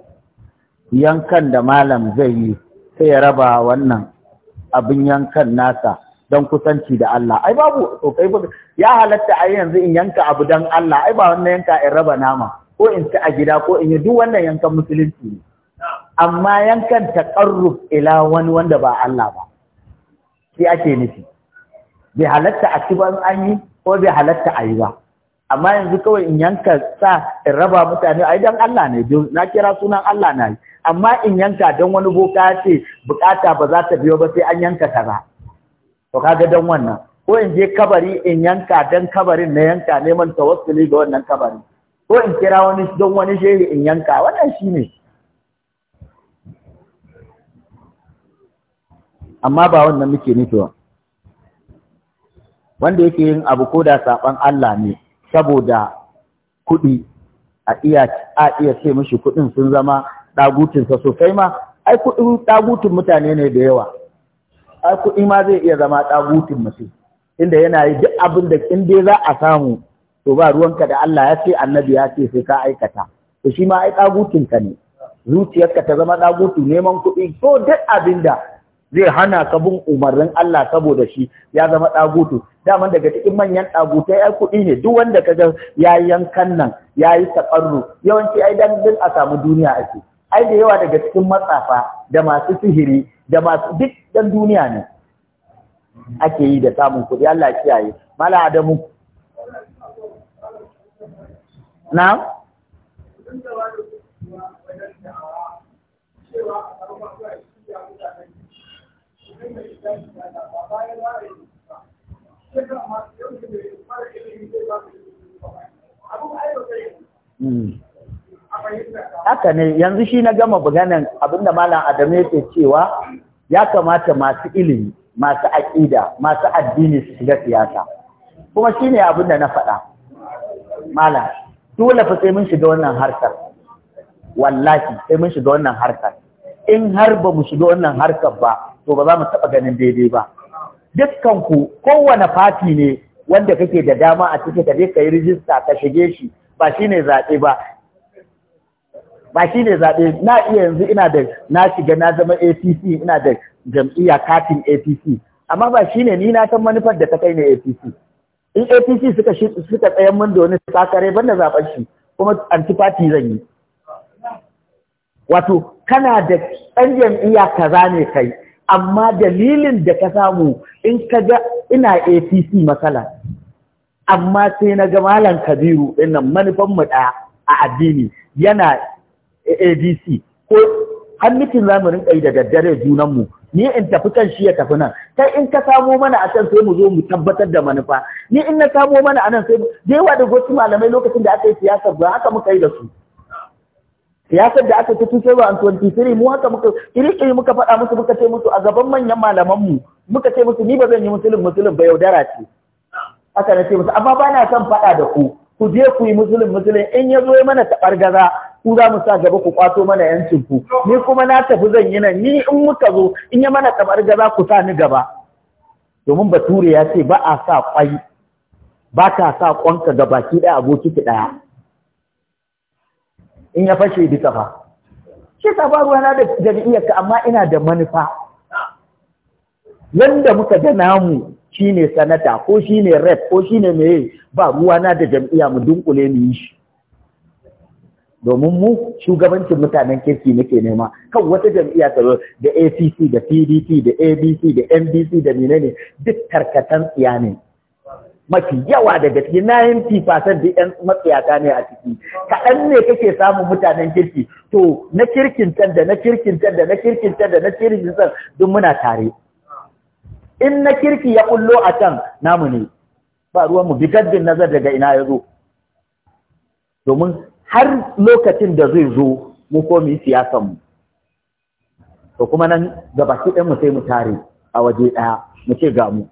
yankan da malam zai yi sai ya raba wannan abin yankan nasa don kusanci da Allah ai babu ba ya halatta yi yanzu in yanka abu don Allah ai ba wannan yanka in raba nama ko in ci a gida ko in yi duk wannan yankan musulunci ne amma yankan ƙarru ila wani wanda ba Allah ba shi ake nufi bai halatta a ci ba an yi ko bai halatta a yi ba amma yanzu kawai in yanka sa in raba mutane ai dan Allah ne na kira sunan Allah na yi amma in yanka don wani boka ya ce bukata ba za ta biyo ba sai an yanka ba. to kaga don wannan ko in je kabari in yanka don kabarin na yanka neman tawassuli ga wannan kabari ko in kira wani don wani shehi in yanka wannan shine amma ba wannan muke nufi ba wanda yake yin abu ko da saban Allah ne saboda kuɗi a iya a iya ce mishi kuɗin sun zama ɗagutinsa sosai ma ai kuɗin ɗagutin mutane ne da yawa ai kuɗi ma zai iya zama ɗagutin mutum inda yana yi duk abin da in za a samu to ba ruwanka da Allah ya ce annabi ya ce sai ka aikata to shi ma ai ɗagutin ka ne zuciyarka ta zama ɗagutu neman kuɗi ko duk abin da zai hana ka bin umarnin Allah saboda shi ya zama ɗagutu daman daga cikin manyan ɗagutai ai kuɗi ne duk wanda ka ga ya yankan nan ya yi taƙarru yawanci ai dan a samu duniya ake ai da yawa daga cikin matsafa da masu sihiri da masu duk dan duniya ne ake yi da samun kuɗi Allah kiyaye mala adamu na Mm. haka yanzu shi na gama buganan abinda malam adamu yake cewa ya kamata masu ilimi masu aƙida masu addini su shiga siyasa kuma shi ne abinda na faɗa malam dole fa sai mun shiga wannan harkar wallahi sai mun shiga wannan harkar in har ba mu shiga wannan harkar ba to ba za mu taɓa ganin daidai ba dukkan ku kowane fati ne wanda kake da dama a cikin ka je ka yi rijista ka shige shi ba shine zaɓe ba ba shi ne zaɓe na iya yanzu ina da na shiga na zama APC ina da jam'iyya katin APC amma ba shi ne ni na san manufar da ta kai ne APC in APC suka suka tsayar min da wani sakare banda zaben shi kuma antifati zan yi wato kana da ɗan jam'iyya kaza ne kai amma dalilin da ka samu in ka ga ina APC matsala amma sai na ga malam Kabiru ɗin nan manufan mu ɗaya a addini yana ADC ko har mutum za mu rinƙa yi da daddare junanmu ni in tafi kan shi ya tafi nan kai in ka samo mana a can sai mu zo mu tabbatar da manufa ni in na samo mana a nan sai da yawa da wasu malamai lokacin da aka yi siyasar ba haka muka yi da su siyasar da aka ta tuce ba an 23 mu haka muka iri-iri muka faɗa musu muka ce musu a gaban manyan malamanmu muka ce musu ni ba zan yi musulun musulun ba yaudara ce haka na ce musu amma ba na son faɗa da ku ku je ku yi musulun musulun in ya zo ya mana taɓar gaza ku za mu sa gaba ku kwato mana yancin ku ni kuma na tafi zan yi nan ni in muka zo in ya mana kamar gaza ku sa ni gaba domin bature ya ce ba a sa kwai ba ka sa kwanka ga baki ɗaya aboki ki ɗaya in ya fashe bisa fa shi ta ba ruwana da ka amma ina da manufa yanda muka ga namu shine sanata ko shine rep ko shine meye ba ruwa na da jam'iyya mu dunkule mu yi shi domin mu shugabancin mutanen kirki nake nema kan wata jam'iyya ta da APC da PDP da ABC da MDC da menene duk tarkatan tsiya ne mafi yawa daga cikin 90% da yan matsiyata ne a ciki kaɗan ne kake samun mutanen kirki to na kirkin can da na kirkin can da na kirkin can da na kirkin can duk muna tare in na kirki ya kullo a can namu ne ba ruwanmu gaddin nazar daga ina ya zo domin har lokacin da zai zo mu ko mu siyasan mu to kuma nan gabaki ɗan mu sai mu tare a waje ɗaya mu ce ga mu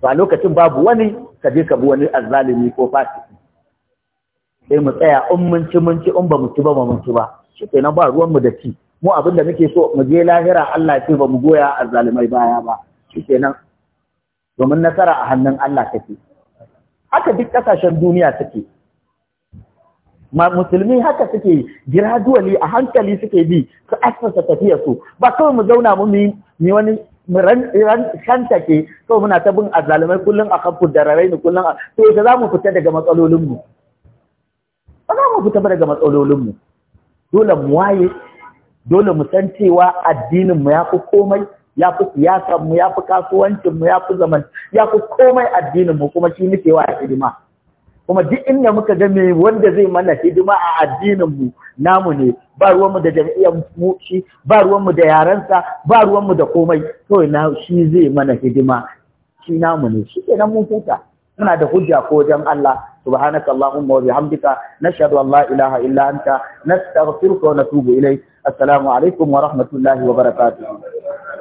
to a lokacin babu wani ka je ka bi wani azzalimi ko fasiki sai mu tsaya in mun ci mun ci in ba mu ci ba ba mun ci ba shi kenan ba ruwan mu da ci mu abin da muke so mu je lahira Allah ya ce ba mu goya azzalimai baya ba shi kenan domin nasara a hannun Allah take haka duk kasashen duniya take musulmi haka suke gradually a hankali suke bi su asfasa tafiya su ba kawai mu zauna mu mi wani ran shanta ke kawai muna ta bin azalimai kullum a kan fudararai ne kullum a to yadda za mu fita daga matsalolinmu ba za mu fita daga matsalolinmu dole mu waye dole mu san cewa addinin mu ya fi komai ya fi siyasar mu ya fi kasuwancin mu ya fi zaman ya fi komai addinin mu kuma shi muke wa hidima kuma duk inda muka ga me wanda zai mana hidima a addinin mu namu ne ba ruwan mu da jami'an mu shi ba ruwan mu da yarensa ba ruwan mu da komai to na shi zai mana hidima shi namu ne shi kenan mun huta muna da hujja ko wajen Allah subhanaka allahumma wa bihamdika nashhadu an la ilaha illa anta nastaghfiruka wa natubu ilayk assalamu alaikum wa rahmatullahi wa barakatuh